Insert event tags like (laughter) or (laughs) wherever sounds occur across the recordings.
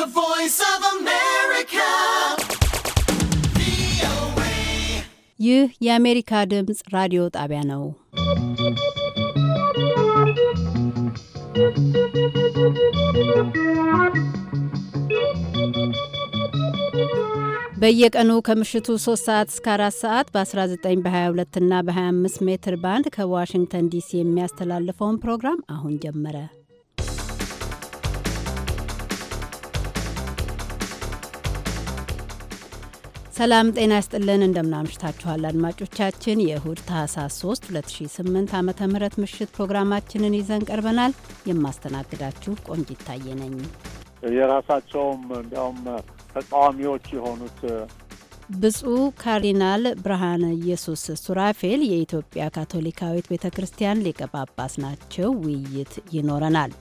The Voice of America. ይህ የአሜሪካ ድምፅ ራዲዮ ጣቢያ ነው። በየቀኑ ከምሽቱ 3 ሰዓት እስከ 4 ሰዓት በ19 በ22 እና በ25 ሜትር ባንድ ከዋሽንግተን ዲሲ የሚያስተላልፈውን ፕሮግራም አሁን ጀመረ። ሰላም ጤና ይስጥልን። እንደምናምሽታችኋል አድማጮቻችን። የእሁድ ታህሳስ 3 2008 ዓ ም ምሽት ፕሮግራማችንን ይዘን ቀርበናል። የማስተናግዳችሁ ቆንጅ ይታየ ነኝ። የራሳቸውም እንዲያውም ተቃዋሚዎች የሆኑት ብፁዕ ካርዲናል ብርሃነ ኢየሱስ ሱራፌል የኢትዮጵያ ካቶሊካዊት ቤተ ክርስቲያን ሊቀ ጳጳስ ናቸው። ውይይት ይኖረናል።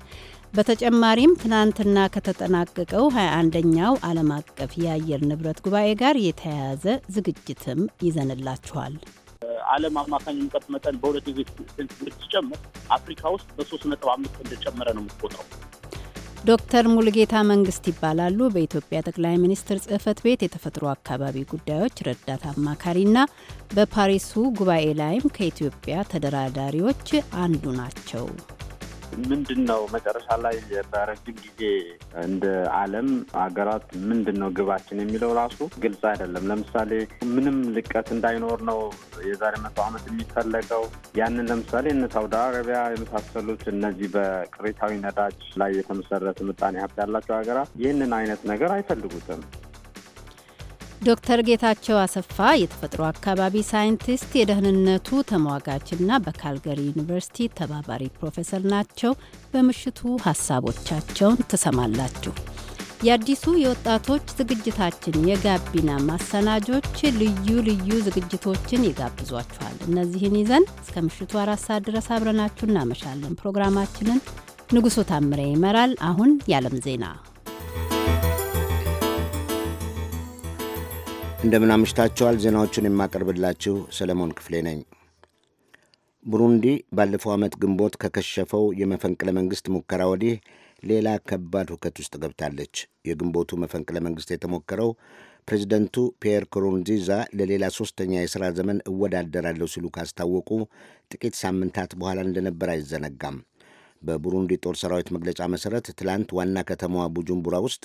በተጨማሪም ትናንትና ከተጠናቀቀው 21ኛው ዓለም አቀፍ የአየር ንብረት ጉባኤ ጋር የተያያዘ ዝግጅትም ይዘንላችኋል። ዓለም አማካኝ ሙቀት መጠን በሁለት ጊዜ ሴንቲግሬድ ሲጨምር አፍሪካ ውስጥ በሶስት ነጥብ አምስት እንደጨመረ ነው የምትቆጥረው። ዶክተር ሙልጌታ መንግስት ይባላሉ። በኢትዮጵያ ጠቅላይ ሚኒስትር ጽህፈት ቤት የተፈጥሮ አካባቢ ጉዳዮች ረዳት አማካሪና በፓሪሱ ጉባኤ ላይም ከኢትዮጵያ ተደራዳሪዎች አንዱ ናቸው። ምንድን ነው መጨረሻ ላይ በረጅም ጊዜ እንደ ዓለም ሀገራት ምንድን ነው ግባችን የሚለው ራሱ ግልጽ አይደለም። ለምሳሌ ምንም ልቀት እንዳይኖር ነው የዛሬ መቶ ዓመት የሚፈለገው። ያንን ለምሳሌ እነ ሳውዲ አረቢያ የመሳሰሉት እነዚህ በቅሪታዊ ነዳጅ ላይ የተመሰረተ ምጣኔ ሀብት ያላቸው ሀገራት ይህንን አይነት ነገር አይፈልጉትም። ዶክተር ጌታቸው አሰፋ የተፈጥሮ አካባቢ ሳይንቲስት፣ የደህንነቱ ተሟጋችና በካልገሪ ዩኒቨርሲቲ ተባባሪ ፕሮፌሰር ናቸው። በምሽቱ ሀሳቦቻቸውን ትሰማላችሁ። የአዲሱ የወጣቶች ዝግጅታችን የጋቢና ማሰናጆች ልዩ ልዩ ዝግጅቶችን ይጋብዟችኋል። እነዚህን ይዘን እስከ ምሽቱ አራት ሰዓት ድረስ አብረናችሁ እናመሻለን። ፕሮግራማችንን ንጉሱ ታምሬ ይመራል። አሁን የዓለም ዜና እንደምን ዜናዎቹን የማቀርብላችሁ ሰለሞን ክፍሌ ነኝ። ቡሩንዲ ባለፈው ዓመት ግንቦት ከከሸፈው የመፈንቅለ መንግሥት ሙከራ ወዲህ ሌላ ከባድ ሁከት ውስጥ ገብታለች። የግንቦቱ መፈንቅለ መንግሥት የተሞከረው ፕሬዚደንቱ ፒየር ኩሩንዚዛ ለሌላ ሦስተኛ የሥራ ዘመን እወዳደራለሁ ሲሉ ካስታወቁ ጥቂት ሳምንታት በኋላ እንደነበር አይዘነጋም። በቡሩንዲ ጦር ሰራዊት መግለጫ መሠረት ትላንት ዋና ከተማዋ ቡጁምቡራ ውስጥ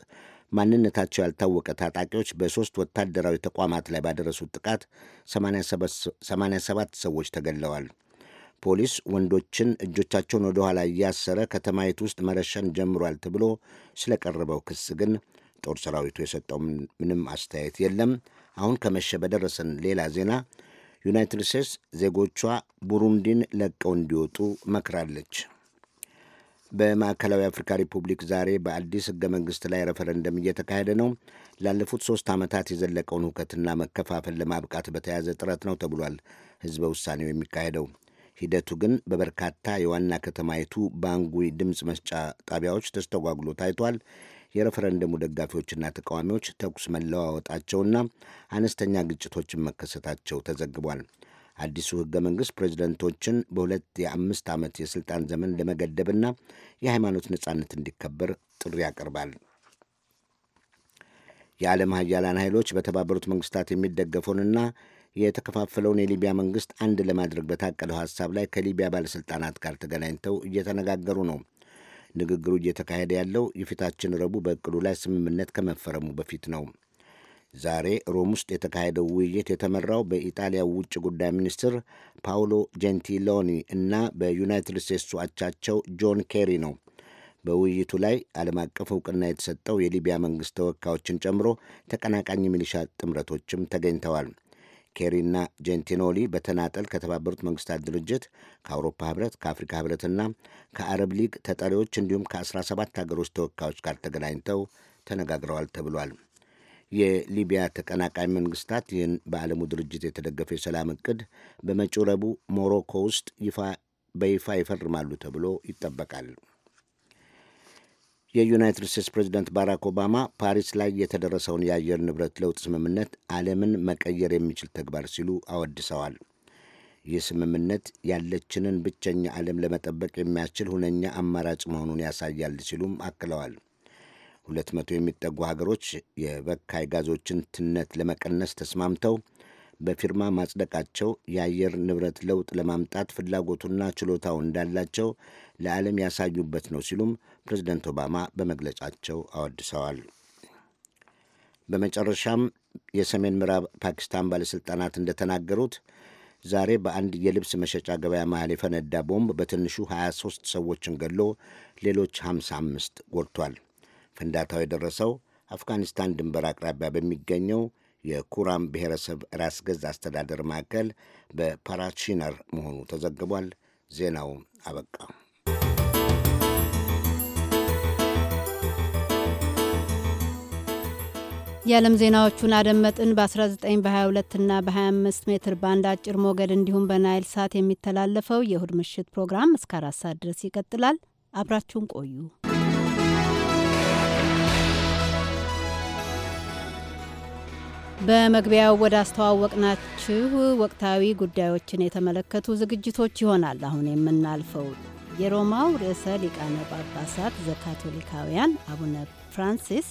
ማንነታቸው ያልታወቀ ታጣቂዎች በሦስት ወታደራዊ ተቋማት ላይ ባደረሱት ጥቃት 87 ሰዎች ተገድለዋል። ፖሊስ ወንዶችን እጆቻቸውን ወደ ኋላ እያሰረ ከተማይቱ ውስጥ መረሸን ጀምሯል ተብሎ ስለቀረበው ክስ ግን ጦር ሰራዊቱ የሰጠው ምንም አስተያየት የለም። አሁን ከመሸ በደረሰን ሌላ ዜና ዩናይትድ ስቴትስ ዜጎቿ ቡሩንዲን ለቀው እንዲወጡ መክራለች። በማዕከላዊ አፍሪካ ሪፑብሊክ ዛሬ በአዲስ ህገ መንግስት ላይ ረፈረንደም እየተካሄደ ነው። ላለፉት ሶስት ዓመታት የዘለቀውን ሁከትና መከፋፈል ለማብቃት በተያዘ ጥረት ነው ተብሏል ህዝበ ውሳኔው የሚካሄደው። ሂደቱ ግን በበርካታ የዋና ከተማይቱ ባንጉይ ድምፅ መስጫ ጣቢያዎች ተስተጓጉሎ ታይቷል። የረፈረንደሙ ደጋፊዎችና ተቃዋሚዎች ተኩስ መለዋወጣቸውና አነስተኛ ግጭቶችን መከሰታቸው ተዘግቧል። አዲሱ ሕገ መንግሥት ፕሬዚደንቶችን በሁለት የአምስት ዓመት የሥልጣን ዘመን ለመገደብና የሃይማኖት ነጻነት እንዲከበር ጥሪ ያቀርባል። የዓለም ሀያላን ኃይሎች በተባበሩት መንግሥታት የሚደገፈውንና የተከፋፈለውን የሊቢያ መንግሥት አንድ ለማድረግ በታቀደው ሐሳብ ላይ ከሊቢያ ባለሥልጣናት ጋር ተገናኝተው እየተነጋገሩ ነው። ንግግሩ እየተካሄደ ያለው የፊታችን ረቡዕ በእቅዱ ላይ ስምምነት ከመፈረሙ በፊት ነው። ዛሬ ሮም ውስጥ የተካሄደው ውይይት የተመራው በኢጣሊያ ውጭ ጉዳይ ሚኒስትር ፓውሎ ጀንቲሎኒ እና በዩናይትድ ስቴትሱ አቻቸው ጆን ኬሪ ነው። በውይይቱ ላይ ዓለም አቀፍ እውቅና የተሰጠው የሊቢያ መንግሥት ተወካዮችን ጨምሮ ተቀናቃኝ ሚሊሻ ጥምረቶችም ተገኝተዋል። ኬሪና ጀንቲኖሊ በተናጠል ከተባበሩት መንግስታት ድርጅት፣ ከአውሮፓ ህብረት፣ ከአፍሪካ ህብረትና ከአረብ ሊግ ተጠሪዎች እንዲሁም ከ17 ሀገሮች ተወካዮች ጋር ተገናኝተው ተነጋግረዋል ተብሏል። የሊቢያ ተቀናቃኝ መንግስታት ይህን በዓለሙ ድርጅት የተደገፈ የሰላም እቅድ በመጪው ረቡዕ ሞሮኮ ውስጥ በይፋ ይፈርማሉ ተብሎ ይጠበቃል። የዩናይትድ ስቴትስ ፕሬዚደንት ባራክ ኦባማ ፓሪስ ላይ የተደረሰውን የአየር ንብረት ለውጥ ስምምነት ዓለምን መቀየር የሚችል ተግባር ሲሉ አወድሰዋል። ይህ ስምምነት ያለችንን ብቸኛ ዓለም ለመጠበቅ የሚያስችል ሁነኛ አማራጭ መሆኑን ያሳያል ሲሉም አክለዋል። ሁለት መቶ የሚጠጉ ሀገሮች የበካይ ጋዞችን ትነት ለመቀነስ ተስማምተው በፊርማ ማጽደቃቸው የአየር ንብረት ለውጥ ለማምጣት ፍላጎቱና ችሎታው እንዳላቸው ለዓለም ያሳዩበት ነው ሲሉም ፕሬዝደንት ኦባማ በመግለጫቸው አወድሰዋል። በመጨረሻም የሰሜን ምዕራብ ፓኪስታን ባለሥልጣናት እንደተናገሩት ዛሬ በአንድ የልብስ መሸጫ ገበያ መሃል የፈነዳ ቦምብ በትንሹ 23 ሰዎችን ገድሎ ሌሎች 55 ጎድቷል። ፍንዳታው የደረሰው አፍጋኒስታን ድንበር አቅራቢያ በሚገኘው የኩራም ብሔረሰብ ራስ ገዝ አስተዳደር ማዕከል በፓራቺነር መሆኑ ተዘግቧል። ዜናው አበቃ። የዓለም ዜናዎቹን አደመጥን። በ19 በ22 እና በ25 ሜትር ባንድ አጭር ሞገድ እንዲሁም በናይል ሳት የሚተላለፈው የእሁድ ምሽት ፕሮግራም እስከ አራት ሰዓት ድረስ ይቀጥላል። አብራችሁን ቆዩ። በመግቢያው ወደ አስተዋወቅናችሁ ወቅታዊ ጉዳዮችን የተመለከቱ ዝግጅቶች ይሆናል አሁን የምናልፈው። የሮማው ርዕሰ ሊቃነ ጳጳሳት ዘካቶሊካውያን አቡነ ፍራንሲስ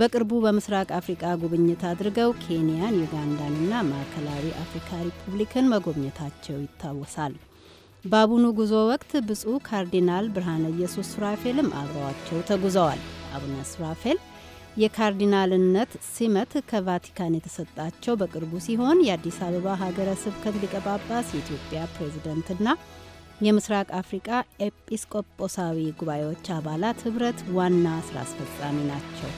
በቅርቡ በምስራቅ አፍሪቃ ጉብኝት አድርገው ኬንያን፣ ዩጋንዳንና ማዕከላዊ አፍሪካ ሪፑብሊክን መጎብኘታቸው ይታወሳል። በአቡኑ ጉዞ ወቅት ብፁዕ ካርዲናል ብርሃነ ኢየሱስ ሱራፌልም አብረዋቸው ተጉዘዋል። አቡነ ሱራፌል የካርዲናልነት ሲመት ከቫቲካን የተሰጣቸው በቅርቡ ሲሆን የአዲስ አበባ ሀገረ ስብከት ሊቀ ጳጳስ የኢትዮጵያ ፕሬዝደንትና የምስራቅ አፍሪቃ ኤጲስቆጶሳዊ ጉባኤዎች አባላት ህብረት ዋና ስራ አስፈጻሚ ናቸው።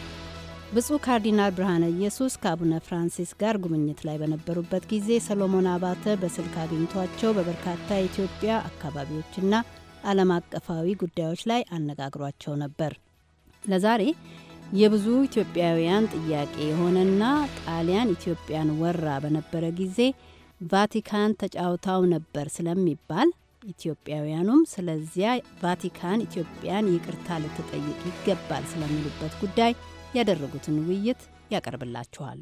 ብፁዕ ካርዲናል ብርሃነ ኢየሱስ ከአቡነ ፍራንሲስ ጋር ጉብኝት ላይ በነበሩበት ጊዜ ሰሎሞን አባተ በስልክ አግኝቷቸው በበርካታ የኢትዮጵያ አካባቢዎችና ዓለም አቀፋዊ ጉዳዮች ላይ አነጋግሯቸው ነበር። ለዛሬ የብዙ ኢትዮጵያውያን ጥያቄ የሆነና ጣሊያን ኢትዮጵያን ወራ በነበረ ጊዜ ቫቲካን ተጫውታው ነበር ስለሚባል ኢትዮጵያውያኑም ስለዚያ ቫቲካን ኢትዮጵያን ይቅርታ ልትጠይቅ ይገባል ስለሚሉበት ጉዳይ ያደረጉትን ውይይት ያቀርብላችኋል።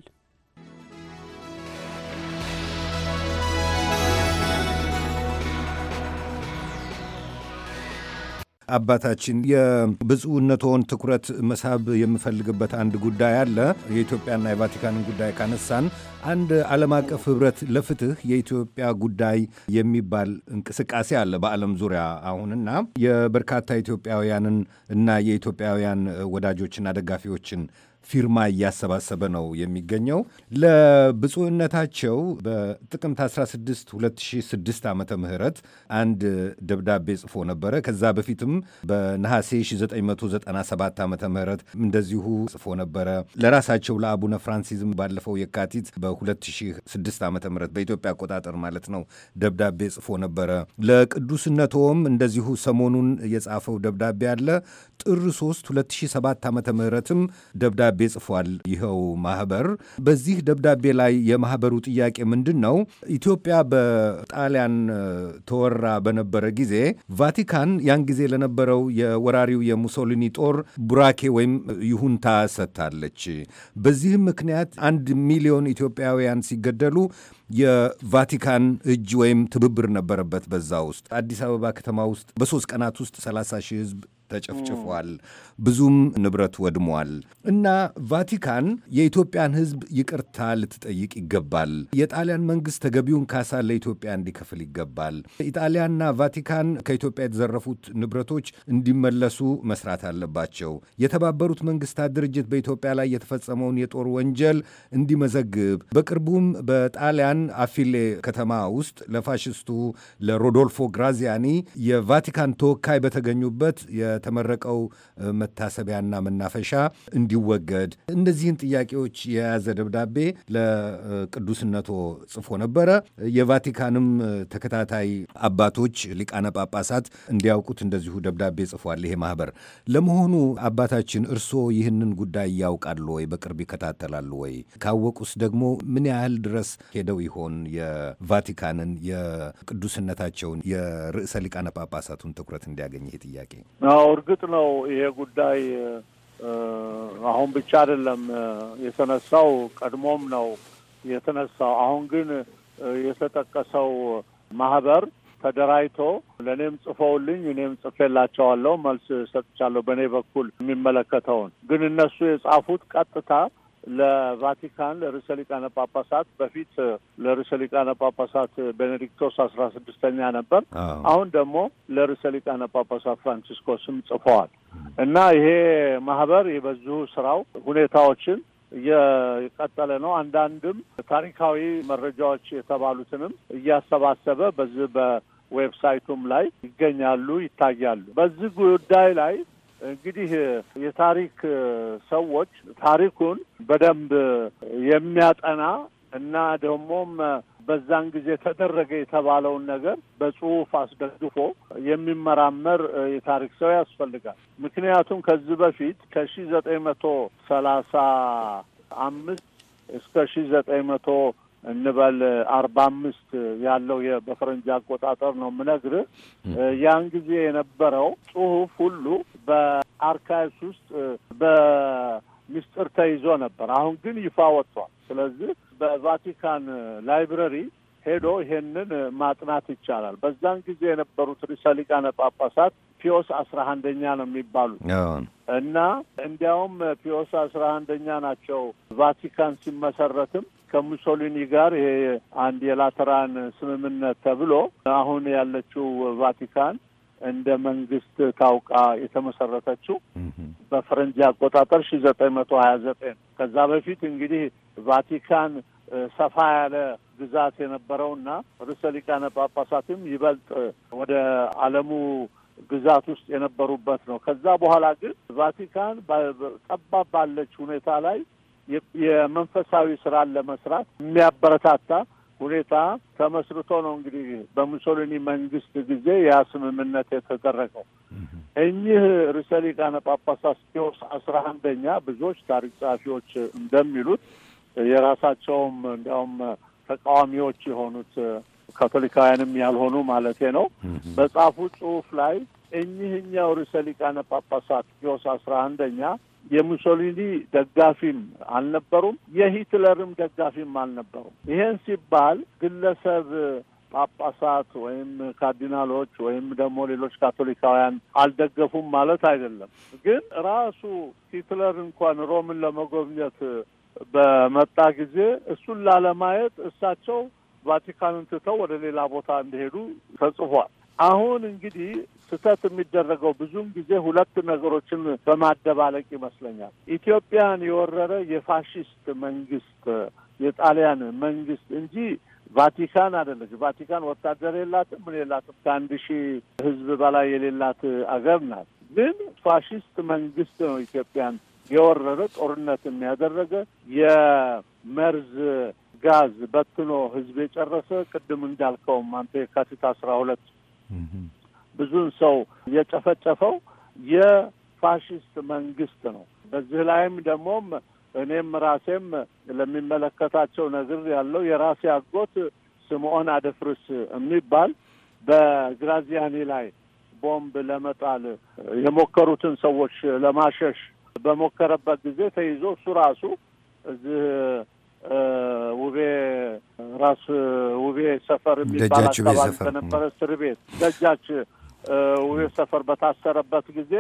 አባታችን የብፁዕነትዎን ትኩረት መሳብ የምፈልግበት አንድ ጉዳይ አለ። የኢትዮጵያና የቫቲካንን ጉዳይ ካነሳን አንድ ዓለም አቀፍ ህብረት ለፍትህ የኢትዮጵያ ጉዳይ የሚባል እንቅስቃሴ አለ በዓለም ዙሪያ አሁንና የበርካታ ኢትዮጵያውያንን እና የኢትዮጵያውያን ወዳጆችና ደጋፊዎችን ፊርማ እያሰባሰበ ነው የሚገኘው። ለብፁዕነታቸው በጥቅምት 16 2006 ዓመተ ምህረት አንድ ደብዳቤ ጽፎ ነበረ። ከዛ በፊትም በነሐሴ 1997 ዓመተ ምህረት እንደዚሁ ጽፎ ነበረ ለራሳቸው ለአቡነ ፍራንሲዝም ባለፈው የካቲት በ2006 ዓመተ ምህረት በኢትዮጵያ አቆጣጠር ማለት ነው ደብዳቤ ጽፎ ነበረ። ለቅዱስነቶም እንደዚሁ ሰሞኑን የጻፈው ደብዳቤ አለ። ጥር 3 2007 ዓመተ ምህረትም ደብዳቤ ደብዳቤ ጽፏል። ይኸው ማህበር በዚህ ደብዳቤ ላይ የማህበሩ ጥያቄ ምንድን ነው? ኢትዮጵያ በጣሊያን ተወራ በነበረ ጊዜ ቫቲካን ያን ጊዜ ለነበረው የወራሪው የሙሶሊኒ ጦር ቡራኬ ወይም ይሁንታ ሰጥታለች። በዚህም ምክንያት አንድ ሚሊዮን ኢትዮጵያውያን ሲገደሉ የቫቲካን እጅ ወይም ትብብር ነበረበት። በዛ ውስጥ አዲስ አበባ ከተማ ውስጥ በሶስት ቀናት ውስጥ 30 ሺህ ህዝብ ተጨፍጭፏል። ብዙም ንብረት ወድሟል እና ቫቲካን የኢትዮጵያን ሕዝብ ይቅርታ ልትጠይቅ ይገባል። የጣሊያን መንግስት ተገቢውን ካሳ ለኢትዮጵያ እንዲከፍል ይገባል። ኢጣሊያና ቫቲካን ከኢትዮጵያ የተዘረፉት ንብረቶች እንዲመለሱ መስራት አለባቸው። የተባበሩት መንግስታት ድርጅት በኢትዮጵያ ላይ የተፈጸመውን የጦር ወንጀል እንዲመዘግብ፣ በቅርቡም በጣሊያን አፊሌ ከተማ ውስጥ ለፋሽስቱ ለሮዶልፎ ግራዚያኒ የቫቲካን ተወካይ በተገኙበት የተመረቀው መታሰቢያና መናፈሻ እንዲወገድ እነዚህን ጥያቄዎች የያዘ ደብዳቤ ለቅዱስነቶ ጽፎ ነበረ። የቫቲካንም ተከታታይ አባቶች ሊቃነ ጳጳሳት እንዲያውቁት እንደዚሁ ደብዳቤ ጽፏል። ይሄ ማህበር ለመሆኑ አባታችን እርስዎ ይህንን ጉዳይ ያውቃሉ ወይ? በቅርብ ይከታተላሉ ወይ? ካወቁስ ደግሞ ምን ያህል ድረስ ሄደው ይሆን የቫቲካንን የቅዱስነታቸውን የርዕሰ ሊቃነ ጳጳሳቱን ትኩረት እንዲያገኝ ይሄ ጥያቄ? አዎ እርግጥ ነው ይሄ ጉዳይ ጉዳይ አሁን ብቻ አይደለም የተነሳው፣ ቀድሞም ነው የተነሳው። አሁን ግን የተጠቀሰው ማህበር ተደራጅቶ ለእኔም ጽፈውልኝ እኔም ጽፌላቸዋለሁ መልስ ሰጥቻለሁ። በእኔ በኩል የሚመለከተውን ግን እነሱ የጻፉት ቀጥታ ለቫቲካን ለርዕሰ ሊቃነ ጳጳሳት በፊት ለርዕሰ ሊቃነ ጳጳሳት ቤኔዲክቶስ አስራ ስድስተኛ ነበር። አሁን ደግሞ ለርዕሰ ሊቃነ ጳጳሳት ፍራንቺስኮስም ጽፈዋል እና ይሄ ማህበር የበዙ ስራው ሁኔታዎችን እየቀጠለ ነው። አንዳንድም ታሪካዊ መረጃዎች የተባሉትንም እያሰባሰበ በዚህ በዌብሳይቱም ላይ ይገኛሉ፣ ይታያሉ። በዚህ ጉዳይ ላይ እንግዲህ የታሪክ ሰዎች ታሪኩን በደንብ የሚያጠና እና ደግሞም በዛን ጊዜ ተደረገ የተባለውን ነገር በጽሁፍ አስደግፎ የሚመራመር የታሪክ ሰው ያስፈልጋል። ምክንያቱም ከዚህ በፊት ከሺ ዘጠኝ መቶ ሰላሳ አምስት እስከ ሺ ዘጠኝ መቶ እንበል አርባ አምስት ያለው በፈረንጅ አቆጣጠር ነው ምነግር ያን ጊዜ የነበረው ጽሁፍ ሁሉ በአርካይቭስ ውስጥ በምስጢር ተይዞ ነበር። አሁን ግን ይፋ ወጥቷል። ስለዚህ በቫቲካን ላይብረሪ ሄዶ ይሄንን ማጥናት ይቻላል። በዛን ጊዜ የነበሩት ርዕሰ ሊቃነ ጳጳሳት ፒዮስ አስራ አንደኛ ነው የሚባሉት እና እንዲያውም ፒዮስ አስራ አንደኛ ናቸው ቫቲካን ሲመሰረትም ከሙሶሊኒ ጋር ይሄ አንድ የላተራን ስምምነት ተብሎ አሁን ያለችው ቫቲካን እንደ መንግስት ታውቃ የተመሰረተችው በፈረንጅ አቆጣጠር ሺ ዘጠኝ መቶ ሀያ ዘጠኝ ከዛ በፊት እንግዲህ ቫቲካን ሰፋ ያለ ግዛት የነበረውና ርዕሰ ሊቃነ ጳጳሳትም ይበልጥ ወደ ዓለሙ ግዛት ውስጥ የነበሩበት ነው። ከዛ በኋላ ግን ቫቲካን ጠባብ ባለች ሁኔታ ላይ የመንፈሳዊ ስራን ለመስራት የሚያበረታታ ሁኔታ ተመስርቶ ነው እንግዲህ በሙሶሊኒ መንግስት ጊዜ ያ ስምምነት የተደረገው። እኚህ ርዕሰ ሊቃነ ጳጳሳት ቴዎስ አስራ አንደኛ ብዙዎች ታሪክ ጸሐፊዎች እንደሚሉት የራሳቸውም እንዲያውም ተቃዋሚዎች የሆኑት ካቶሊካውያንም ያልሆኑ ማለቴ ነው በጻፉ ጽሁፍ ላይ እኚህኛው ርዕሰ ሊቃነ ጳጳሳት ቴዎስ አስራ አንደኛ የሙሶሊኒ ደጋፊም አልነበሩም፣ የሂትለርም ደጋፊም አልነበሩም። ይሄን ሲባል ግለሰብ ጳጳሳት ወይም ካርዲናሎች ወይም ደግሞ ሌሎች ካቶሊካውያን አልደገፉም ማለት አይደለም። ግን ራሱ ሂትለር እንኳን ሮምን ለመጎብኘት በመጣ ጊዜ እሱን ላለማየት እሳቸው ቫቲካንን ትተው ወደ ሌላ ቦታ እንደሄዱ ተጽፏል። አሁን እንግዲህ ስህተት የሚደረገው ብዙም ጊዜ ሁለት ነገሮችን በማደባለቅ ይመስለኛል። ኢትዮጵያን የወረረ የፋሽስት መንግስት የጣሊያን መንግስት እንጂ ቫቲካን አደለች። ቫቲካን ወታደር የላትም፣ ምን የላትም። ከአንድ ሺህ ህዝብ በላይ የሌላት አገር ናት። ግን ፋሽስት መንግስት ነው ኢትዮጵያን የወረረ ጦርነትም ያደረገ የመርዝ ጋዝ በትኖ ህዝብ የጨረሰ ቅድም እንዳልከውም አንተ የካቲት አስራ ሁለት ብዙን ሰው የጨፈጨፈው የፋሽስት መንግስት ነው። በዚህ ላይም ደግሞም እኔም ራሴም ለሚመለከታቸው ነግር ያለው የራሴ አጎት ስምዖን አደፍርስ የሚባል በግራዚያኒ ላይ ቦምብ ለመጣል የሞከሩትን ሰዎች ለማሸሽ በሞከረበት ጊዜ ተይዞ እሱ ራሱ እዚህ ውቤ ራስ ውቤ ሰፈር የሚባል አካባቢ በነበረ እስር ቤት ደጃች ውቤ ሰፈር በታሰረበት ጊዜ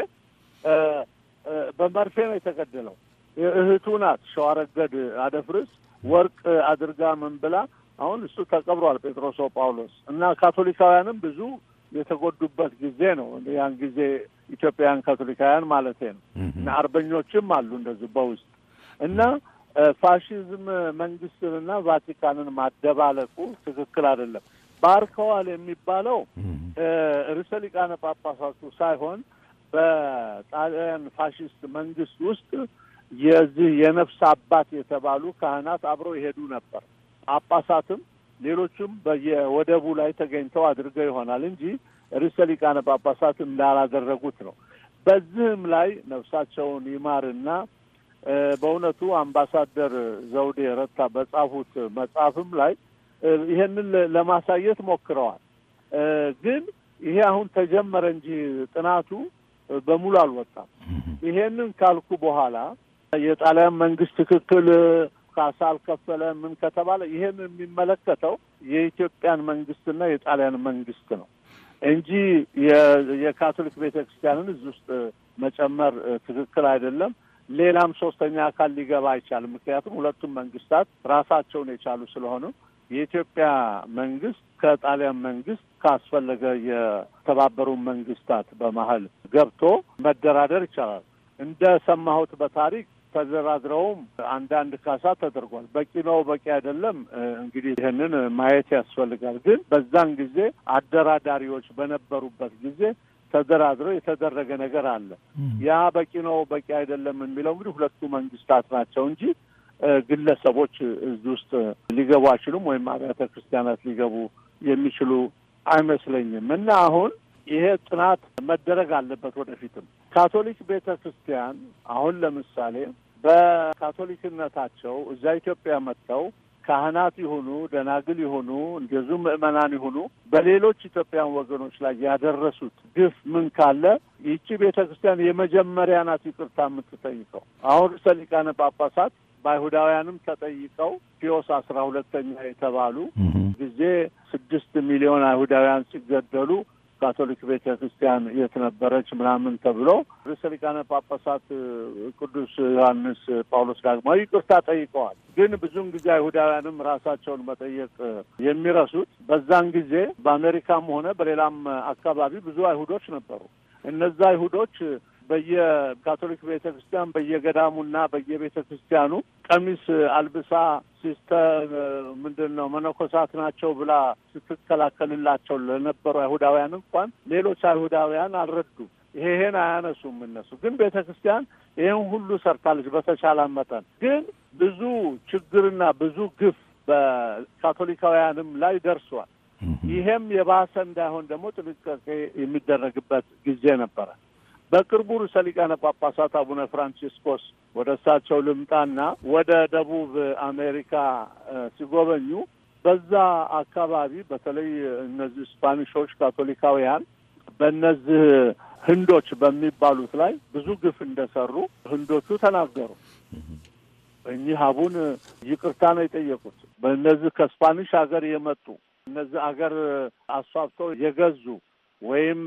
በመርፌ ነው የተገደለው። እህቱ ናት ሸዋረገድ አደፍርስ ወርቅ አድርጋ ምን ብላ አሁን እሱ ተቀብሯል። ጴጥሮስ ጳውሎስ እና ካቶሊካውያንም ብዙ የተጎዱበት ጊዜ ነው። ያን ጊዜ ኢትዮጵያውያን ካቶሊካውያን ማለት ነው እና አርበኞችም አሉ እንደዚህ በውስጥ እና ፋሽዝም መንግስትንና ቫቲካንን ማደባለቁ ትክክል አይደለም። ባርከዋል የሚባለው ርዕሰ ሊቃነ ጳጳሳቱ ሳይሆን በጣሊያን ፋሽስት መንግስት ውስጥ የዚህ የነፍስ አባት የተባሉ ካህናት አብረው ይሄዱ ነበር። ጳጳሳትም ሌሎቹም በየወደቡ ላይ ተገኝተው አድርገው ይሆናል እንጂ ርዕሰ ሊቃነ ጳጳሳት እንዳላደረጉት ነው። በዚህም ላይ ነፍሳቸውን ይማርና በእውነቱ አምባሳደር ዘውዴ ረታ በጻፉት መጽሐፍም ላይ ይሄንን ለማሳየት ሞክረዋል። ግን ይሄ አሁን ተጀመረ እንጂ ጥናቱ በሙሉ አልወጣም። ይሄንን ካልኩ በኋላ የጣሊያን መንግስት ትክክል ካሳ አልከፈለ ምን ከተባለ ይሄን የሚመለከተው የኢትዮጵያን መንግስትና የጣሊያን መንግስት ነው እንጂ የካቶሊክ ቤተ ክርስቲያንን እዚህ ውስጥ መጨመር ትክክል አይደለም። ሌላም ሶስተኛ አካል ሊገባ አይቻልም። ምክንያቱም ሁለቱም መንግስታት ራሳቸውን የቻሉ ስለሆኑ የኢትዮጵያ መንግስት ከጣሊያን መንግስት ካስፈለገ የተባበሩ መንግስታት በመሀል ገብቶ መደራደር ይቻላል። እንደ ሰማሁት በታሪክ ተደራድረውም አንዳንድ ካሳ ተደርጓል። በቂ ነው በቂ አይደለም፣ እንግዲህ ይህንን ማየት ያስፈልጋል። ግን በዛን ጊዜ አደራዳሪዎች በነበሩበት ጊዜ ተደራድረው የተደረገ ነገር አለ። ያ በቂ ነው በቂ አይደለም የሚለው እንግዲህ ሁለቱ መንግስታት ናቸው እንጂ ግለሰቦች እዚህ ውስጥ ሊገቡ አይችሉም፣ ወይም አብያተ ክርስቲያናት ሊገቡ የሚችሉ አይመስለኝም። እና አሁን ይሄ ጥናት መደረግ አለበት። ወደፊትም ካቶሊክ ቤተ ክርስቲያን አሁን ለምሳሌ በካቶሊክነታቸው እዛ ኢትዮጵያ መጥተው ካህናት ይሁኑ ደናግል ይሁኑ እንደዙ ምእመናን ይሁኑ በሌሎች ኢትዮጵያን ወገኖች ላይ ያደረሱት ግፍ ምን ካለ ይቺ ቤተ ክርስቲያን የመጀመሪያ ናት ይቅርታ የምትጠይቀው። አሁን ርዕሰ ሊቃነ ጳጳሳት በአይሁዳውያንም ተጠይቀው ፒዮስ አስራ ሁለተኛ የተባሉ ጊዜ ስድስት ሚሊዮን አይሁዳውያን ሲገደሉ ካቶሊክ ቤተ ክርስቲያን የት ነበረች ምናምን ተብሎ ርዕሰ ሊቃነ ጳጳሳት ቅዱስ ዮሐንስ ጳውሎስ ዳግማዊ ይቅርታ ጠይቀዋል። ግን ብዙውን ጊዜ አይሁዳውያንም ራሳቸውን መጠየቅ የሚረሱት በዛን ጊዜ በአሜሪካም ሆነ በሌላም አካባቢ ብዙ አይሁዶች ነበሩ። እነዛ አይሁዶች በየካቶሊክ ቤተ ክርስቲያን በየገዳሙና በየቤተ ክርስቲያኑ ቀሚስ አልብሳ ሲስተር ምንድን ነው መነኮሳት ናቸው ብላ ስትከላከልላቸው ለነበሩ አይሁዳውያን እንኳን ሌሎች አይሁዳውያን አልረዱም። ይሄን አያነሱም እነሱ ግን ቤተ ክርስቲያን ይህን ሁሉ ሰርታለች። በተቻለ መጠን ግን ብዙ ችግርና ብዙ ግፍ በካቶሊካውያንም ላይ ደርሷል። ይሄም የባሰ እንዳይሆን ደግሞ ጥንቃቄ የሚደረግበት ጊዜ ነበረ። በቅርቡ ርዕሰ ሊቃነ ጳጳሳት አቡነ ፍራንቺስኮስ ወደ እሳቸው ልምጣና ወደ ደቡብ አሜሪካ ሲጎበኙ በዛ አካባቢ በተለይ እነዚህ ስፓኒሾች ካቶሊካውያን በእነዚህ ህንዶች በሚባሉት ላይ ብዙ ግፍ እንደሰሩ ህንዶቹ ተናገሩ። እኚህ አቡን ይቅርታ ነው የጠየቁት። በእነዚህ ከስፓኒሽ ሀገር የመጡ እነዚህ አገር አስፋፍተው የገዙ ወይም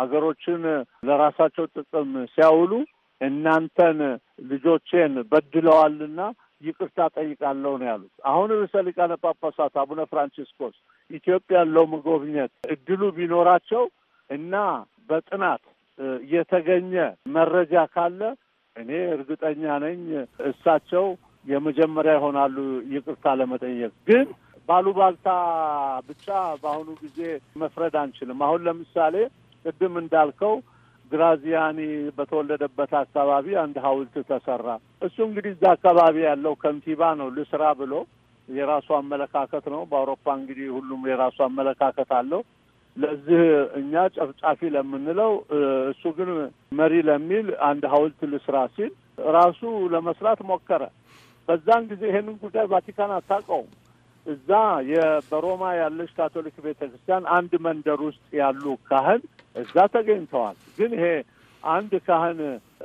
አገሮችን ለራሳቸው ጥቅም ሲያውሉ እናንተን ልጆቼን በድለዋልና ይቅርታ ጠይቃለሁ ነው ያሉት። አሁን ርዕሰ ሊቃነ ጳጳሳት አቡነ ፍራንቺስኮስ ኢትዮጵያን ለመጎብኘት እድሉ ቢኖራቸው እና በጥናት የተገኘ መረጃ ካለ እኔ እርግጠኛ ነኝ እሳቸው የመጀመሪያ ይሆናሉ ይቅርታ ለመጠየቅ። ግን ባሉባልታ ብቻ በአሁኑ ጊዜ መፍረድ አንችልም። አሁን ለምሳሌ ቅድም እንዳልከው ግራዚያኒ በተወለደበት አካባቢ አንድ ሀውልት ተሰራ። እሱ እንግዲህ እዛ አካባቢ ያለው ከንቲባ ነው ልስራ ብሎ የራሱ አመለካከት ነው። በአውሮፓ እንግዲህ ሁሉም የራሱ አመለካከት አለው። ለዚህ እኛ ጨፍጫፊ ለምንለው እሱ ግን መሪ ለሚል አንድ ሀውልት ልስራ ሲል ራሱ ለመስራት ሞከረ። በዛን ጊዜ ይሄንን ጉዳይ ቫቲካን አታውቀውም። እዛ በሮማ ያለች ካቶሊክ ቤተ ክርስቲያን አንድ መንደር ውስጥ ያሉ ካህን እዛ ተገኝተዋል። ግን ይሄ አንድ ካህን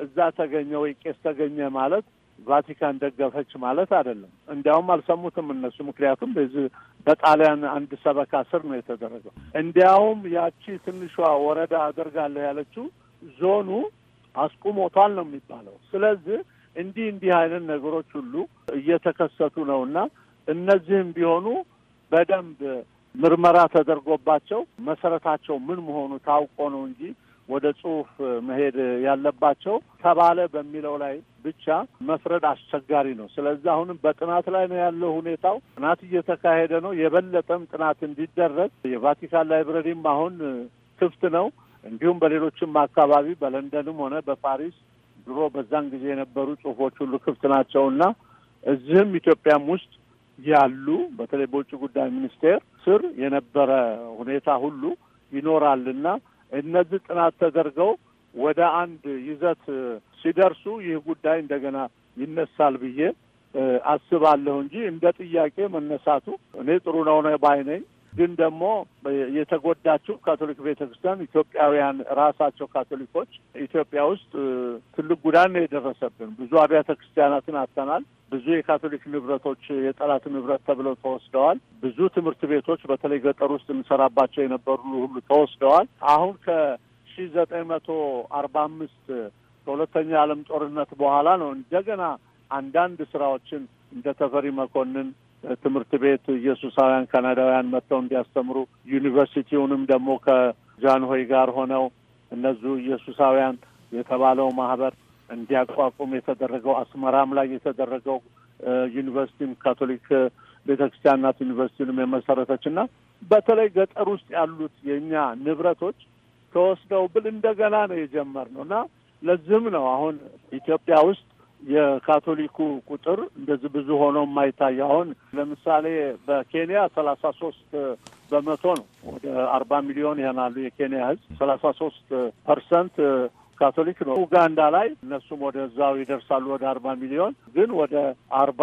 እዛ ተገኘ ወይ ቄስ ተገኘ ማለት ቫቲካን ደገፈች ማለት አይደለም። እንዲያውም አልሰሙትም እነሱ። ምክንያቱም በዚህ በጣሊያን አንድ ሰበካ ስር ነው የተደረገው። እንዲያውም ያቺ ትንሿ ወረዳ አደርጋለሁ ያለችው ዞኑ አስቁሞቷል ነው የሚባለው። ስለዚህ እንዲህ እንዲህ አይነት ነገሮች ሁሉ እየተከሰቱ ነው እና እነዚህም ቢሆኑ በደንብ ምርመራ ተደርጎባቸው መሰረታቸው ምን መሆኑ ታውቆ ነው እንጂ ወደ ጽሁፍ መሄድ ያለባቸው ተባለ በሚለው ላይ ብቻ መፍረድ አስቸጋሪ ነው። ስለዚህ አሁንም በጥናት ላይ ነው ያለው ሁኔታው። ጥናት እየተካሄደ ነው። የበለጠም ጥናት እንዲደረግ የቫቲካን ላይብረሪም አሁን ክፍት ነው። እንዲሁም በሌሎችም አካባቢ በለንደንም ሆነ በፓሪስ ድሮ በዛን ጊዜ የነበሩ ጽሁፎች ሁሉ ክፍት ናቸውና እዚህም ኢትዮጵያም ውስጥ ያሉ በተለይ በውጭ ጉዳይ ሚኒስቴር ስር የነበረ ሁኔታ ሁሉ ይኖራልና እነዚህ ጥናት ተደርገው ወደ አንድ ይዘት ሲደርሱ ይህ ጉዳይ እንደገና ይነሳል ብዬ አስባለሁ እንጂ እንደ ጥያቄ መነሳቱ እኔ ጥሩ ነው ባይ ነኝ። ግን ደግሞ የተጎዳችው ካቶሊክ ቤተክርስቲያን ኢትዮጵያውያን ራሳቸው ካቶሊኮች ኢትዮጵያ ውስጥ ትልቅ ጉዳት ነው የደረሰብን። ብዙ አብያተ ክርስቲያናትን አጥተናል። ብዙ የካቶሊክ ንብረቶች የጠላት ንብረት ተብለው ተወስደዋል። ብዙ ትምህርት ቤቶች በተለይ ገጠር ውስጥ እንሰራባቸው የነበሩ ሁሉ ተወስደዋል። አሁን ከሺ ዘጠኝ መቶ አርባ አምስት ከሁለተኛ የዓለም ጦርነት በኋላ ነው እንደገና አንዳንድ ስራዎችን እንደ ተፈሪ መኮንን ትምህርት ቤት ኢየሱሳውያን ካናዳውያን መጥተው እንዲያስተምሩ ዩኒቨርሲቲውንም ደግሞ ከጃንሆይ ጋር ሆነው እነዙ ኢየሱሳውያን የተባለው ማህበር እንዲያቋቁም የተደረገው አስመራም ላይ የተደረገው ዩኒቨርሲቲም ካቶሊክ ክርስቲያን ናት ዩኒቨርሲቲንም የመሰረተች እና በተለይ ገጠር ውስጥ ያሉት የእኛ ንብረቶች ተወስደው ብል እንደገና ነው ነው እና ለዚህም ነው አሁን ኢትዮጵያ ውስጥ የካቶሊኩ ቁጥር እንደዚህ ብዙ ሆኖ የማይታይ አሁን ለምሳሌ በኬንያ ሰላሳ ሶስት በመቶ ነው። ወደ አርባ ሚሊዮን ይሆናሉ የኬንያ ህዝብ ሰላሳ ሶስት ፐርሰንት ካቶሊክ ነው። ኡጋንዳ ላይ እነሱም ወደ እዛው ይደርሳሉ ወደ አርባ ሚሊዮን ግን ወደ አርባ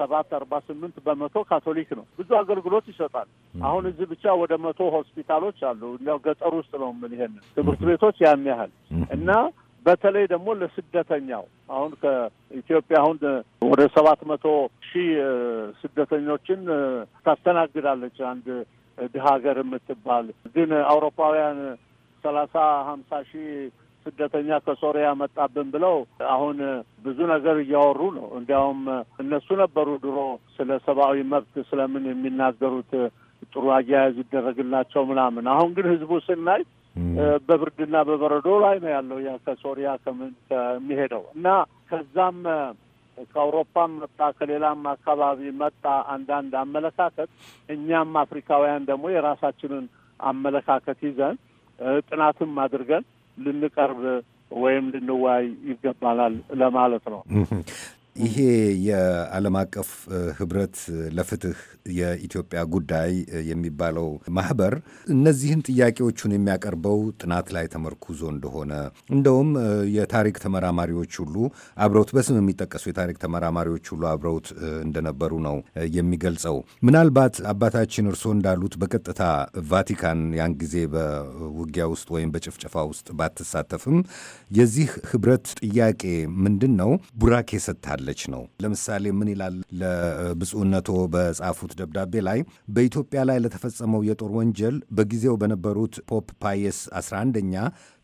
ሰባት አርባ ስምንት በመቶ ካቶሊክ ነው። ብዙ አገልግሎት ይሰጣል። አሁን እዚህ ብቻ ወደ መቶ ሆስፒታሎች አሉ። ገጠር ውስጥ ነው ምን ይሄን ትምህርት ቤቶች ያን ያህል እና በተለይ ደግሞ ለስደተኛው አሁን ከኢትዮጵያ አሁን ወደ ሰባት መቶ ሺህ ስደተኞችን ታስተናግዳለች አንድ ድሀ ሀገር የምትባል ግን አውሮፓውያን ሰላሳ ሀምሳ ሺህ ስደተኛ ከሶሪያ መጣብን ብለው አሁን ብዙ ነገር እያወሩ ነው። እንዲያውም እነሱ ነበሩ ድሮ ስለ ሰብአዊ መብት ስለምን የሚናገሩት ጥሩ አያያዝ ይደረግላቸው ምናምን። አሁን ግን ህዝቡ ስናይ በብርድና በበረዶ ላይ ነው ያለው ከሶሪያ ከምን ከሚሄደው እና ከዛም ከአውሮፓም መጣ ከሌላም አካባቢ መጣ አንዳንድ አመለካከት። እኛም አፍሪካውያን ደግሞ የራሳችንን አመለካከት ይዘን ጥናትም አድርገን ልንቀርብ ወይም ልንወያይ ይገባናል ለማለት ነው። ይሄ የዓለም አቀፍ ህብረት ለፍትህ የኢትዮጵያ ጉዳይ የሚባለው ማህበር እነዚህን ጥያቄዎቹን የሚያቀርበው ጥናት ላይ ተመርኩዞ እንደሆነ እንደውም የታሪክ ተመራማሪዎች ሁሉ አብረውት በስም የሚጠቀሱ የታሪክ ተመራማሪዎች ሁሉ አብረውት እንደነበሩ ነው የሚገልጸው። ምናልባት አባታችን እርስዎ እንዳሉት በቀጥታ ቫቲካን ያን ጊዜ በውጊያ ውስጥ ወይም በጭፍጨፋ ውስጥ ባትሳተፍም የዚህ ህብረት ጥያቄ ምንድን ነው ቡራኬ ሰጥታል እያለች ነው። ለምሳሌ ምን ይላል? ለብፁዕነቶ በጻፉት ደብዳቤ ላይ በኢትዮጵያ ላይ ለተፈጸመው የጦር ወንጀል በጊዜው በነበሩት ፖፕ ፓየስ 11ኛ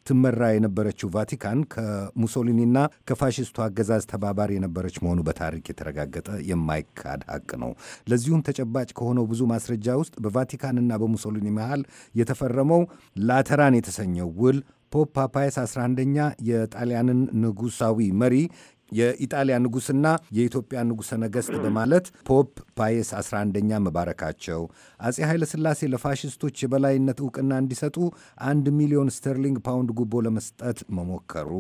ትመራ የነበረችው ቫቲካን ከሙሶሊኒና ከፋሽስቱ አገዛዝ ተባባሪ የነበረች መሆኑ በታሪክ የተረጋገጠ የማይካድ ሀቅ ነው። ለዚሁም ተጨባጭ ከሆነው ብዙ ማስረጃ ውስጥ በቫቲካንና በሙሶሊኒ መሃል የተፈረመው ላተራን የተሰኘው ውል ፖፕ ፓፓየስ 11ኛ የጣሊያንን ንጉሳዊ መሪ የኢጣሊያ ንጉሥና የኢትዮጵያ ንጉሠ ነገሥት በማለት ፖፕ ፓየስ 11ኛ መባረካቸው፣ አጼ ኃይለሥላሴ ለፋሽስቶች የበላይነት ዕውቅና እንዲሰጡ አንድ ሚሊዮን ስተርሊንግ ፓውንድ ጉቦ ለመስጠት መሞከሩ፣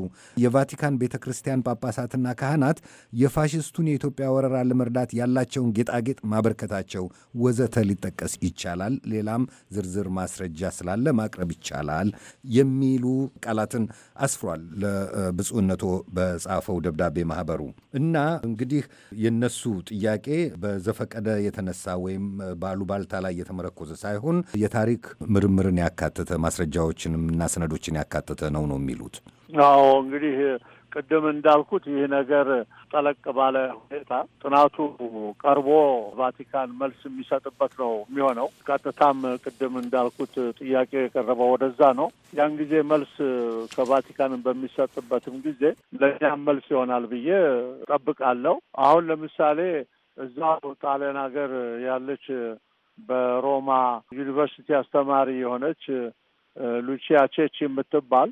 የቫቲካን ቤተ ክርስቲያን ጳጳሳትና ካህናት የፋሽስቱን የኢትዮጵያ ወረራ ለመርዳት ያላቸውን ጌጣጌጥ ማበርከታቸው ወዘተ ሊጠቀስ ይቻላል። ሌላም ዝርዝር ማስረጃ ስላለ ማቅረብ ይቻላል የሚሉ ቃላትን አስፍሯል። ለብፁዕነቶ በጻፈው ደብዳቤ ማህበሩ እና እንግዲህ የነሱ ጥያቄ በዘፈቀደ የተነሳ ወይም ባልታ ላይ የተመረኮዘ ሳይሆን የታሪክ ምርምርን ያካተተ ማስረጃዎችንም እና ሰነዶችን ያካተተ ነው ነው የሚሉት። አዎ እንግዲህ ቅድም እንዳልኩት ይህ ነገር ጠለቅ ባለ ሁኔታ ጥናቱ ቀርቦ ቫቲካን መልስ የሚሰጥበት ነው የሚሆነው። ቀጥታም ቅድም እንዳልኩት ጥያቄው የቀረበው ወደዛ ነው። ያን ጊዜ መልስ ከቫቲካን በሚሰጥበትም ጊዜ ለእኛም መልስ ይሆናል ብዬ ጠብቃለሁ። አሁን ለምሳሌ እዛው ጣሊያን ሀገር ያለች በሮማ ዩኒቨርሲቲ አስተማሪ የሆነች ሉቺያ ቼቺ የምትባል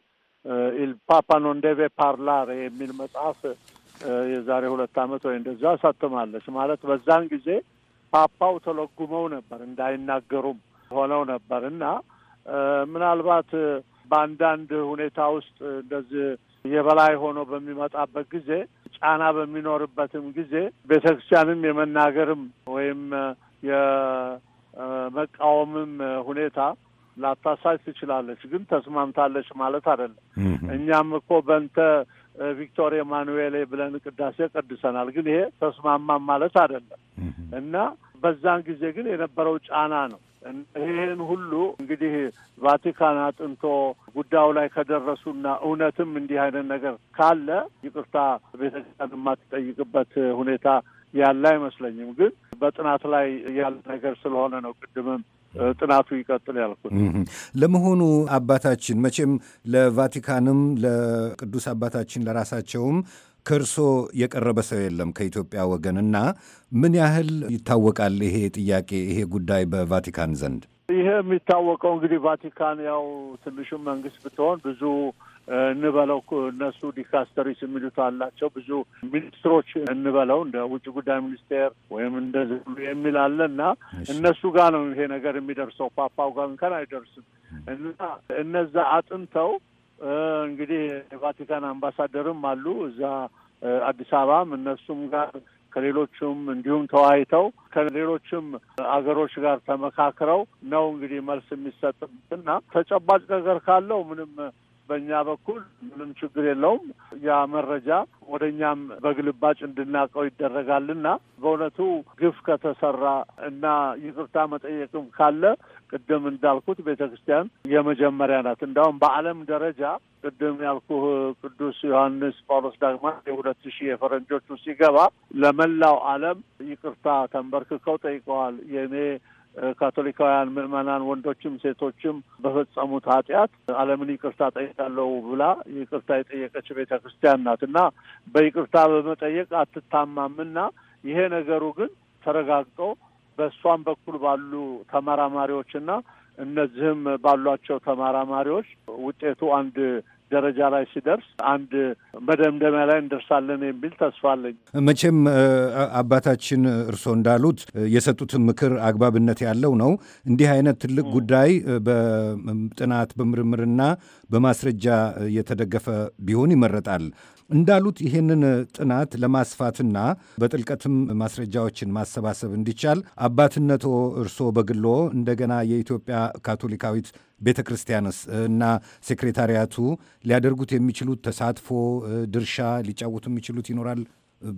ኢል ፓፓ ኖን ዴቬ ፓርላር የሚል መጽሐፍ eh, የዛሬ ሁለት ዓመት ወይ እንደዛ አሳትማለች። ማለት በዛን ጊዜ ፓፓው ተለጉመው ነበር እንዳይናገሩም ሆነው ነበር እና eh, ምናልባት በአንዳንድ ሁኔታ ውስጥ እንደዚህ የበላይ ሆኖ በሚመጣበት ጊዜ ጫና በሚኖርበትም ጊዜ ቤተ ክርስቲያንም የመናገርም ወይም eh, የመቃወምም ሁኔታ ላታሳይ ትችላለች፣ ግን ተስማምታለች ማለት አይደለም። እኛም እኮ በንተ ቪክቶር ኤማኑዌሌ ብለን ቅዳሴ ቀድሰናል፣ ግን ይሄ ተስማማም ማለት አይደለም እና በዛን ጊዜ ግን የነበረው ጫና ነው። ይህን ሁሉ እንግዲህ ቫቲካን አጥንቶ ጉዳዩ ላይ ከደረሱና እውነትም እንዲህ አይነት ነገር ካለ ይቅርታ ቤተክርስቲያን የማትጠይቅበት ሁኔታ ያለ አይመስለኝም። ግን በጥናት ላይ ያለ ነገር ስለሆነ ነው ቅድምም ጥናቱ ይቀጥል ያልኩት። ለመሆኑ አባታችን መቼም ለቫቲካንም ለቅዱስ አባታችን ለራሳቸውም ከእርሶ የቀረበ ሰው የለም ከኢትዮጵያ ወገን እና ምን ያህል ይታወቃል ይሄ ጥያቄ ይሄ ጉዳይ በቫቲካን ዘንድ? ይሄ የሚታወቀው እንግዲህ ቫቲካን ያው ትንሹም መንግስት ብትሆን ብዙ እንበለው እነሱ ዲካስተሪስ የሚሉት አላቸው። ብዙ ሚኒስትሮች እንበለው እንደ ውጭ ጉዳይ ሚኒስቴር ወይም እንደዚህ የሚል አለ እና እነሱ ጋር ነው ይሄ ነገር የሚደርሰው። ፓፓው ጋር እንከን አይደርስም። እና እነዛ አጥንተው እንግዲህ የቫቲካን አምባሳደርም አሉ እዛ አዲስ አበባም እነሱም ጋር ከሌሎችም እንዲሁም ተወያይተው ከሌሎችም አገሮች ጋር ተመካክረው ነው እንግዲህ መልስ የሚሰጥበት እና ተጨባጭ ነገር ካለው ምንም በእኛ በኩል ምንም ችግር የለውም። ያ መረጃ ወደ እኛም በግልባጭ እንድናውቀው ይደረጋልና በእውነቱ ግፍ ከተሰራ እና ይቅርታ መጠየቅም ካለ ቅድም እንዳልኩት ቤተ ክርስቲያን የመጀመሪያ ናት። እንዲያውም በዓለም ደረጃ ቅድም ያልኩህ ቅዱስ ዮሐንስ ጳውሎስ ዳግማ የሁለት ሺህ የፈረንጆቹ ሲገባ ለመላው ዓለም ይቅርታ ተንበርክከው ጠይቀዋል። የእኔ ካቶሊካውያን ምዕመናን ወንዶችም ሴቶችም በፈጸሙት ኃጢአት ዓለምን ይቅርታ ጠይቃለሁ ብላ ይቅርታ የጠየቀች ቤተ ክርስቲያን ናት እና በይቅርታ በመጠየቅ አትታማምና ይሄ ነገሩ ግን ተረጋግጦ በእሷም በኩል ባሉ ተመራማሪዎችና እነዚህም ባሏቸው ተመራማሪዎች ውጤቱ አንድ ደረጃ ላይ ሲደርስ አንድ መደምደሚያ ላይ እንደርሳለን የሚል ተስፋ አለኝ። መቼም አባታችን እርስዎ እንዳሉት የሰጡትን ምክር አግባብነት ያለው ነው። እንዲህ አይነት ትልቅ ጉዳይ በጥናት በምርምርና በማስረጃ የተደገፈ ቢሆን ይመረጣል። እንዳሉት ይህንን ጥናት ለማስፋትና በጥልቀትም ማስረጃዎችን ማሰባሰብ እንዲቻል አባትነቶ እርስዎ በግሎ እንደገና የኢትዮጵያ ካቶሊካዊት ቤተ ክርስቲያንስ እና ሴክሬታሪያቱ ሊያደርጉት የሚችሉት ተሳትፎ፣ ድርሻ ሊጫወቱ የሚችሉት ይኖራል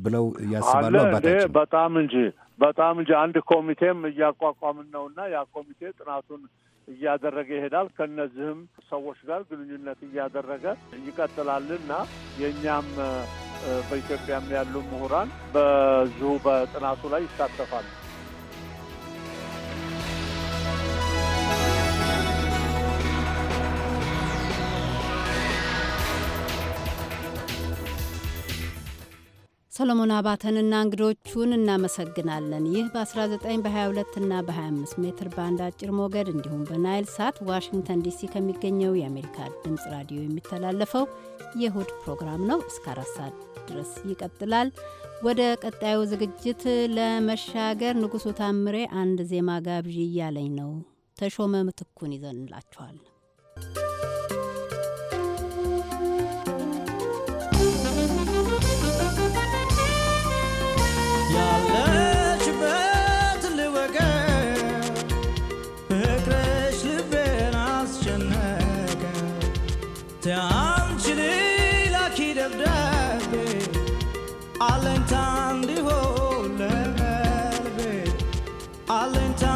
ብለው ያስባሉ? አባታቸው በጣም እንጂ በጣም እንጂ አንድ ኮሚቴም እያቋቋምን ነውና ያ ኮሚቴ ጥናቱን እያደረገ ይሄዳል። ከነዚህም ሰዎች ጋር ግንኙነት እያደረገ ይቀጥላልና የእኛም በኢትዮጵያም ያሉ ምሁራን በዚሁ በጥናቱ ላይ ይሳተፋሉ። ሰሎሞን አባተንና እንግዶቹን እናመሰግናለን። ይህ በ19 በ22 እና በ25 ሜትር ባንድ አጭር ሞገድ እንዲሁም በናይል ሳት ዋሽንግተን ዲሲ ከሚገኘው የአሜሪካ ድምፅ ራዲዮ የሚተላለፈው የእሁድ ፕሮግራም ነው። እስከ አራት ሰዓት ድረስ ይቀጥላል። ወደ ቀጣዩ ዝግጅት ለመሻገር ንጉሱ ታምሬ አንድ ዜማ ጋብዥ እያለኝ ነው። ተሾመ ምትኩን ይዘንላችኋል። I am te angeli la chi dovrebbe allentando di volerbe allentando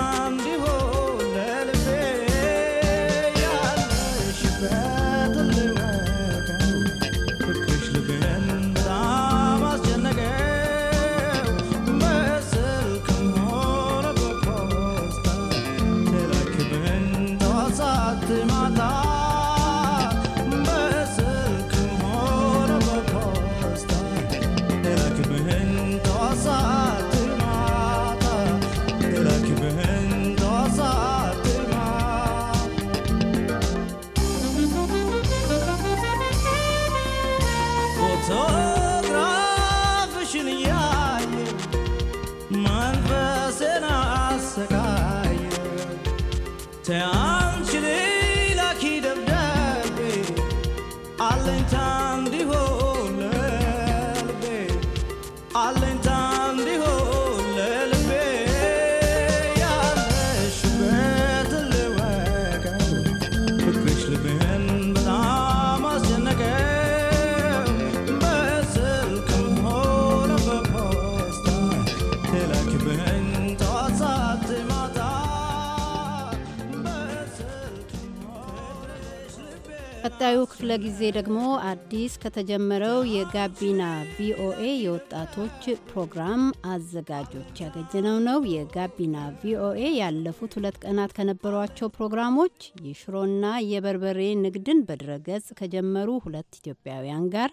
ክፍለ ጊዜ ደግሞ አዲስ ከተጀመረው የጋቢና ቪኦኤ የወጣቶች ፕሮግራም አዘጋጆች ያገኘነው ነው። የጋቢና ቪኦኤ ያለፉት ሁለት ቀናት ከነበሯቸው ፕሮግራሞች የሽሮና የበርበሬ ንግድን በድረገጽ ከጀመሩ ሁለት ኢትዮጵያውያን ጋር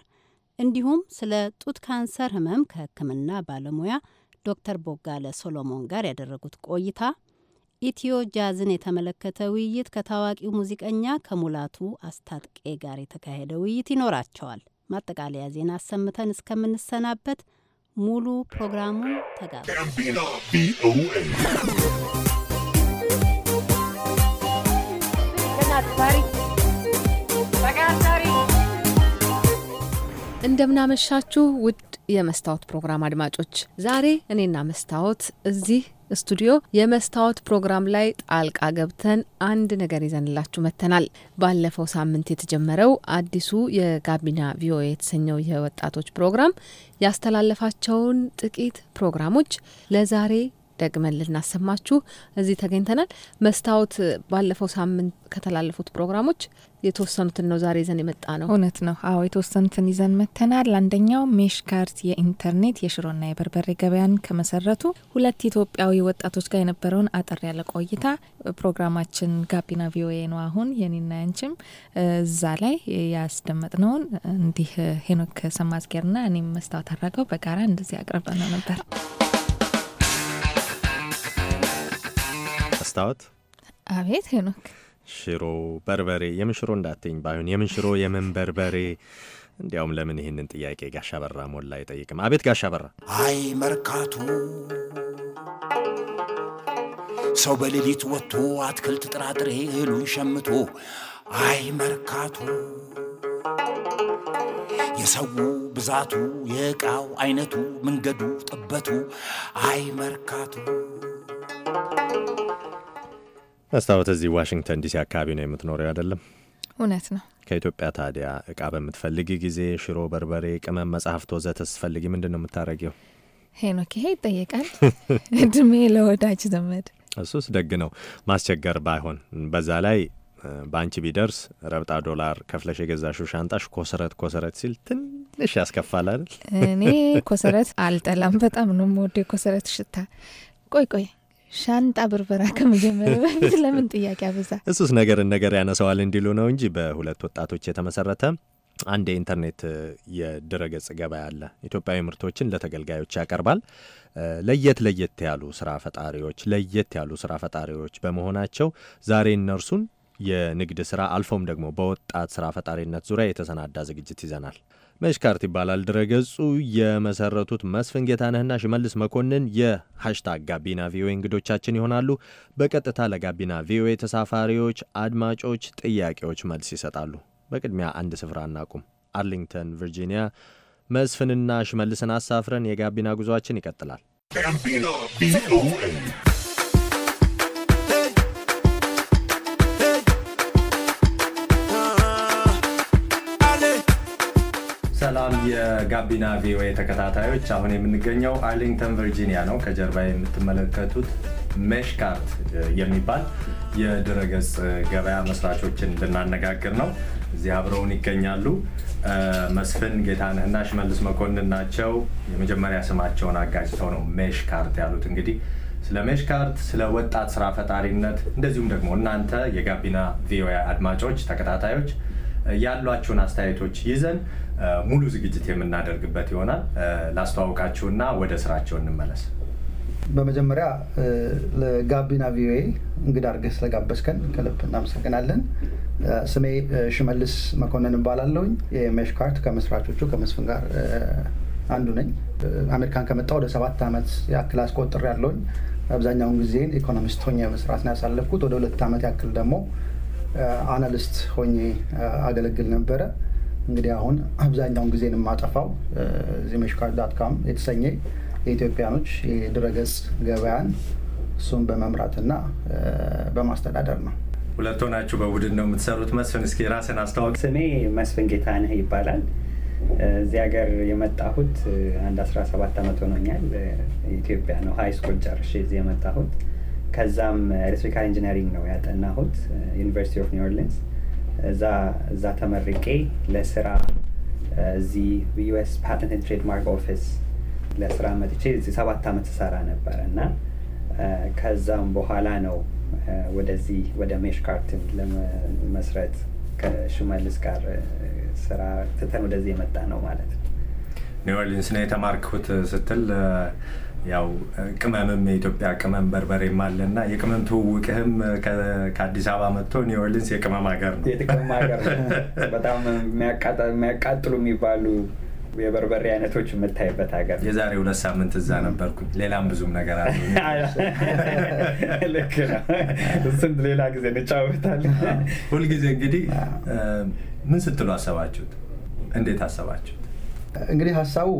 እንዲሁም ስለ ጡት ካንሰር ሕመም ከሕክምና ባለሙያ ዶክተር ቦጋለ ሶሎሞን ጋር ያደረጉት ቆይታ ኢትዮ ጃዝን የተመለከተ ውይይት ከታዋቂው ሙዚቀኛ ከሙላቱ አስታጥቄ ጋር የተካሄደ ውይይት ይኖራቸዋል። ማጠቃለያ ዜና አሰምተን እስከምንሰናበት ሙሉ ፕሮግራሙን ተጋር እንደምናመሻችሁ ውድ የመስታወት ፕሮግራም አድማጮች፣ ዛሬ እኔና መስታወት እዚህ ስቱዲዮ የመስታወት ፕሮግራም ላይ ጣልቃ ገብተን አንድ ነገር ይዘንላችሁ መጥተናል። ባለፈው ሳምንት የተጀመረው አዲሱ የጋቢና ቪኦኤ የተሰኘው የወጣቶች ፕሮግራም ያስተላለፋቸውን ጥቂት ፕሮግራሞች ለዛሬ ደግመን ልናሰማችሁ እዚህ ተገኝተናል። መስታወት ባለፈው ሳምንት ከተላለፉት ፕሮግራሞች የተወሰኑትን ነው ዛሬ ይዘን የመጣ ነው። እውነት ነው። አዎ የተወሰኑትን ይዘን መተናል። አንደኛው ሜሽ ካርት የኢንተርኔት የሽሮና የበርበሬ ገበያን ከመሰረቱ ሁለት ኢትዮጵያዊ ወጣቶች ጋር የነበረውን አጠር ያለ ቆይታ ፕሮግራማችን ጋቢና ቪኦኤ ነው። አሁን የኔና ያንችም እዛ ላይ ያስደመጥነውን እንዲህ ሄኖክ ሰማዝጌርና እኔም መስታወት አድረገው በጋራ እንደዚህ ነው ነበር። መስታወት አቤት ሄኖክ ሽሮ በርበሬ፣ የምን ሽሮ እንዳትኝ ባይሆን የምን ሽሮ የምን በርበሬ። እንዲያውም ለምን ይህንን ጥያቄ ጋሻ በራ ሞላ አይጠይቅም? አቤት ጋሻ በራ። አይ መርካቱ ሰው በሌሊት ወጥቶ አትክልት፣ ጥራጥሬ እህሉን ሸምቶ አይ መርካቱ የሰው ብዛቱ የእቃው አይነቱ መንገዱ ጥበቱ አይ መርካቱ መስታወት እዚህ ዋሽንግተን ዲሲ አካባቢ ነው የምትኖረው አይደለም? እውነት ነው። ከኢትዮጵያ ታዲያ እቃ በምትፈልጊ ጊዜ ሽሮ፣ በርበሬ፣ ቅመም፣ መጽሐፍት ወዘተ ስትፈልጊ ምንድን ነው የምታረጊው? ሄኖክ ይሄ ይጠየቃል። (laughs) እድሜ ለወዳጅ ዘመድ። እሱስ ደግ ነው ማስቸገር ባይሆን። በዛ ላይ በአንቺ ቢደርስ ረብጣ ዶላር ከፍለሽ የገዛሽው ሻንጣሽ ኮሰረት ኮሰረት ሲል ትንሽ ያስከፋል አይደል? እኔ ኮሰረት አልጠላም። በጣም ነው የምወደው የኮሰረት ሽታ። ቆይ ቆይ ሻንጣ ብርበራ ከመጀመር በፊት (laughs) ለምን ጥያቄ አበዛ? እሱስ ነገርን ነገር ያነሰዋል እንዲሉ ነው እንጂ በሁለት ወጣቶች የተመሰረተ አንድ የኢንተርኔት የድረገጽ ገበያ አለ። ኢትዮጵያዊ ምርቶችን ለተገልጋዮች ያቀርባል። ለየት ለየት ያሉ ስራ ፈጣሪዎች ለየት ያሉ ስራ ፈጣሪዎች በመሆናቸው ዛሬ እነርሱን የንግድ ስራ አልፎም ደግሞ በወጣት ስራ ፈጣሪነት ዙሪያ የተሰናዳ ዝግጅት ይዘናል። መሽካርት ይባላል ድረገጹ። የመሰረቱት መስፍን ጌታነህና ሽመልስ መኮንን የሀሽታግ ጋቢና ቪኦኤ እንግዶቻችን ይሆናሉ። በቀጥታ ለጋቢና ቪኦኤ ተሳፋሪዎች፣ አድማጮች ጥያቄዎች መልስ ይሰጣሉ። በቅድሚያ አንድ ስፍራ እናቁም። አርሊንግተን ቨርጂኒያ መስፍንና ሽመልስን አሳፍረን የጋቢና ጉዞአችን ይቀጥላል። ሰላም የጋቢና ቪኦኤ ተከታታዮች፣ አሁን የምንገኘው አርሊንግተን ቨርጂኒያ ነው። ከጀርባ የምትመለከቱት ሜሽካርት የሚባል የድረገጽ ገበያ መስራቾችን እንድናነጋግር ነው። እዚህ አብረውን ይገኛሉ። መስፍን ጌታነህና ሽመልስ መኮንን ናቸው። የመጀመሪያ ስማቸውን አጋጭተው ነው ሜሽ ካርት ያሉት። እንግዲህ ስለ ሜሽ ካርት፣ ስለ ወጣት ስራ ፈጣሪነት እንደዚሁም ደግሞ እናንተ የጋቢና ቪኦኤ አድማጮች ተከታታዮች ያሏችሁን አስተያየቶች ይዘን ሙሉ ዝግጅት የምናደርግበት ይሆናል። ላስተዋውቃችሁና ወደ ስራቸው እንመለስ። በመጀመሪያ ለጋቢና ቪኦኤ እንግዳ አድርገህ ስለጋበዝከን ከልብ እናመሰግናለን። ስሜ ሽመልስ መኮንን እባላለሁኝ። ካርት ከመስራቾቹ ከመስፍን ጋር አንዱ ነኝ። አሜሪካን ከመጣ ወደ ሰባት ዓመት ያክል አስቆጥር ያለውኝ አብዛኛውን ጊዜን ኢኮኖሚስት ሆኜ መስራት ነው ያሳለፍኩት። ወደ ሁለት ዓመት ያክል ደግሞ አናሊስት ሆኜ አገለግል ነበረ። እንግዲህ አሁን አብዛኛውን ጊዜን የማጠፋው ዚመሽካር ዳት ካም የተሰኘ የኢትዮጵያኖች የድረገጽ ገበያን እሱን በመምራትና በማስተዳደር ነው። ሁለቱ ናችሁ በቡድን ነው የምትሰሩት። መስፍን እስኪ ራስን አስተዋወቅ። ስሜ መስፍን ጌታነህ ይባላል። እዚህ ሀገር የመጣሁት አንድ 17 ዓመት ሆኖኛል። ኢትዮጵያ ነው ሀይ ስኩል ጨርሼ እዚህ የመጣሁት። ከዛም ኤሌክትሪካል ኢንጂነሪንግ ነው ያጠናሁት ዩኒቨርሲቲ ኦፍ ኒው ኦርሊንስ እዛ ተመርቄ ለስራ እዚህ ዩስ ፓተንት ትሬድማርክ ኦፊስ ለስራ መጥቼ እዚህ ሰባት ዓመት ሰራ ነበረ እና ከዛም በኋላ ነው ወደዚህ ወደ ሜሽ ካርትን ለመስረት ከሽመልስ ጋር ስራ ትተን ወደዚህ የመጣ ነው ማለት ነው። ኒው ኦርሊንስ ነው የተማርኩት ስትል ያው ቅመምም የኢትዮጵያ ቅመም በርበሬም አለ እና የቅመም ትውውቅህም ከአዲስ አበባ መጥቶ ኒው የቅመም ሀገር ነው። የቅመም ሀገር በጣም የሚያቃጥሉ የሚባሉ የበርበሬ አይነቶች የምታይበት ሀገር። የዛሬ ሁለት ሳምንት እዛ ነበርኩኝ። ሌላም ብዙም ነገር አለ። ልክ ነው። እሱን ሌላ ጊዜ እንጫወታለን። ሁልጊዜ እንግዲህ ምን ስትሉ አሰባችሁት? እንዴት አሰባችሁት? እንግዲህ ሀሳቡ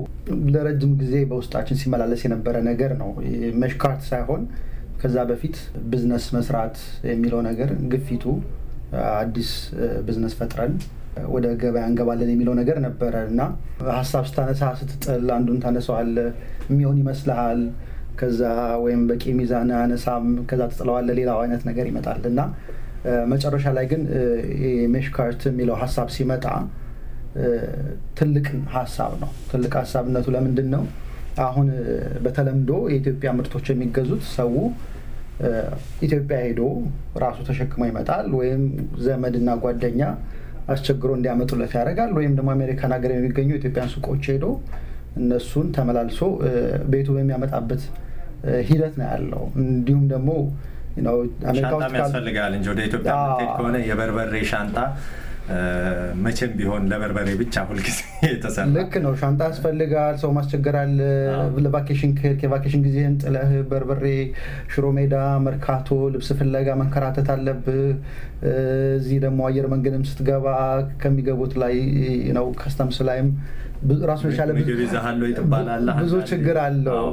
ለረጅም ጊዜ በውስጣችን ሲመላለስ የነበረ ነገር ነው። መሽካት ሳይሆን ከዛ በፊት ብዝነስ መስራት የሚለው ነገር ግፊቱ አዲስ ብዝነስ ፈጥረን ወደ ገበያ እንገባለን የሚለው ነገር ነበረ እና ሀሳብ ስታነሳ ስትጥል አንዱን ታነሳዋለ የሚሆን ይመስልሃል። ከዛ ወይም በቂ ሚዛን አነሳም ከዛ ትጥለዋለ ሌላው አይነት ነገር ይመጣል እና መጨረሻ ላይ ግን ሜሽካርት የሚለው ሀሳብ ሲመጣ ትልቅ ሀሳብ ነው። ትልቅ ሀሳብነቱ ለምንድን ነው? አሁን በተለምዶ የኢትዮጵያ ምርቶች የሚገዙት ሰው ኢትዮጵያ ሄዶ ራሱ ተሸክሞ ይመጣል፣ ወይም እና ጓደኛ አስቸግሮ እንዲያመጡለት ያደርጋል፣ ወይም ደግሞ አሜሪካን ሀገር የሚገኙ ኢትዮጵያን ሱቆች ሄዶ እነሱን ተመላልሶ ቤቱ በሚያመጣበት ሂደት ነው ያለው። እንዲሁም ደግሞ ያስፈልጋል እንጂ ወደ ኢትዮጵያ ከሆነ የበርበሬ ሻንጣ መቼም ቢሆን ለበርበሬ ብቻ ሁልጊዜ (laughs) የተሰራ ልክ ነው። ሻንጣ ያስፈልጋል፣ ሰው ማስቸገራል። ለቫኬሽን ክህል የቫኬሽን ጊዜህን ጥለህ በርበሬ፣ ሽሮ ሜዳ፣ መርካቶ ልብስ ፍለጋ መንከራተት አለብህ። እዚህ ደግሞ አየር መንገድም ስትገባ ከሚገቡት ላይ ነው ከስተምስ ላይም ራሱ የቻለ ብዙ ችግር አለው።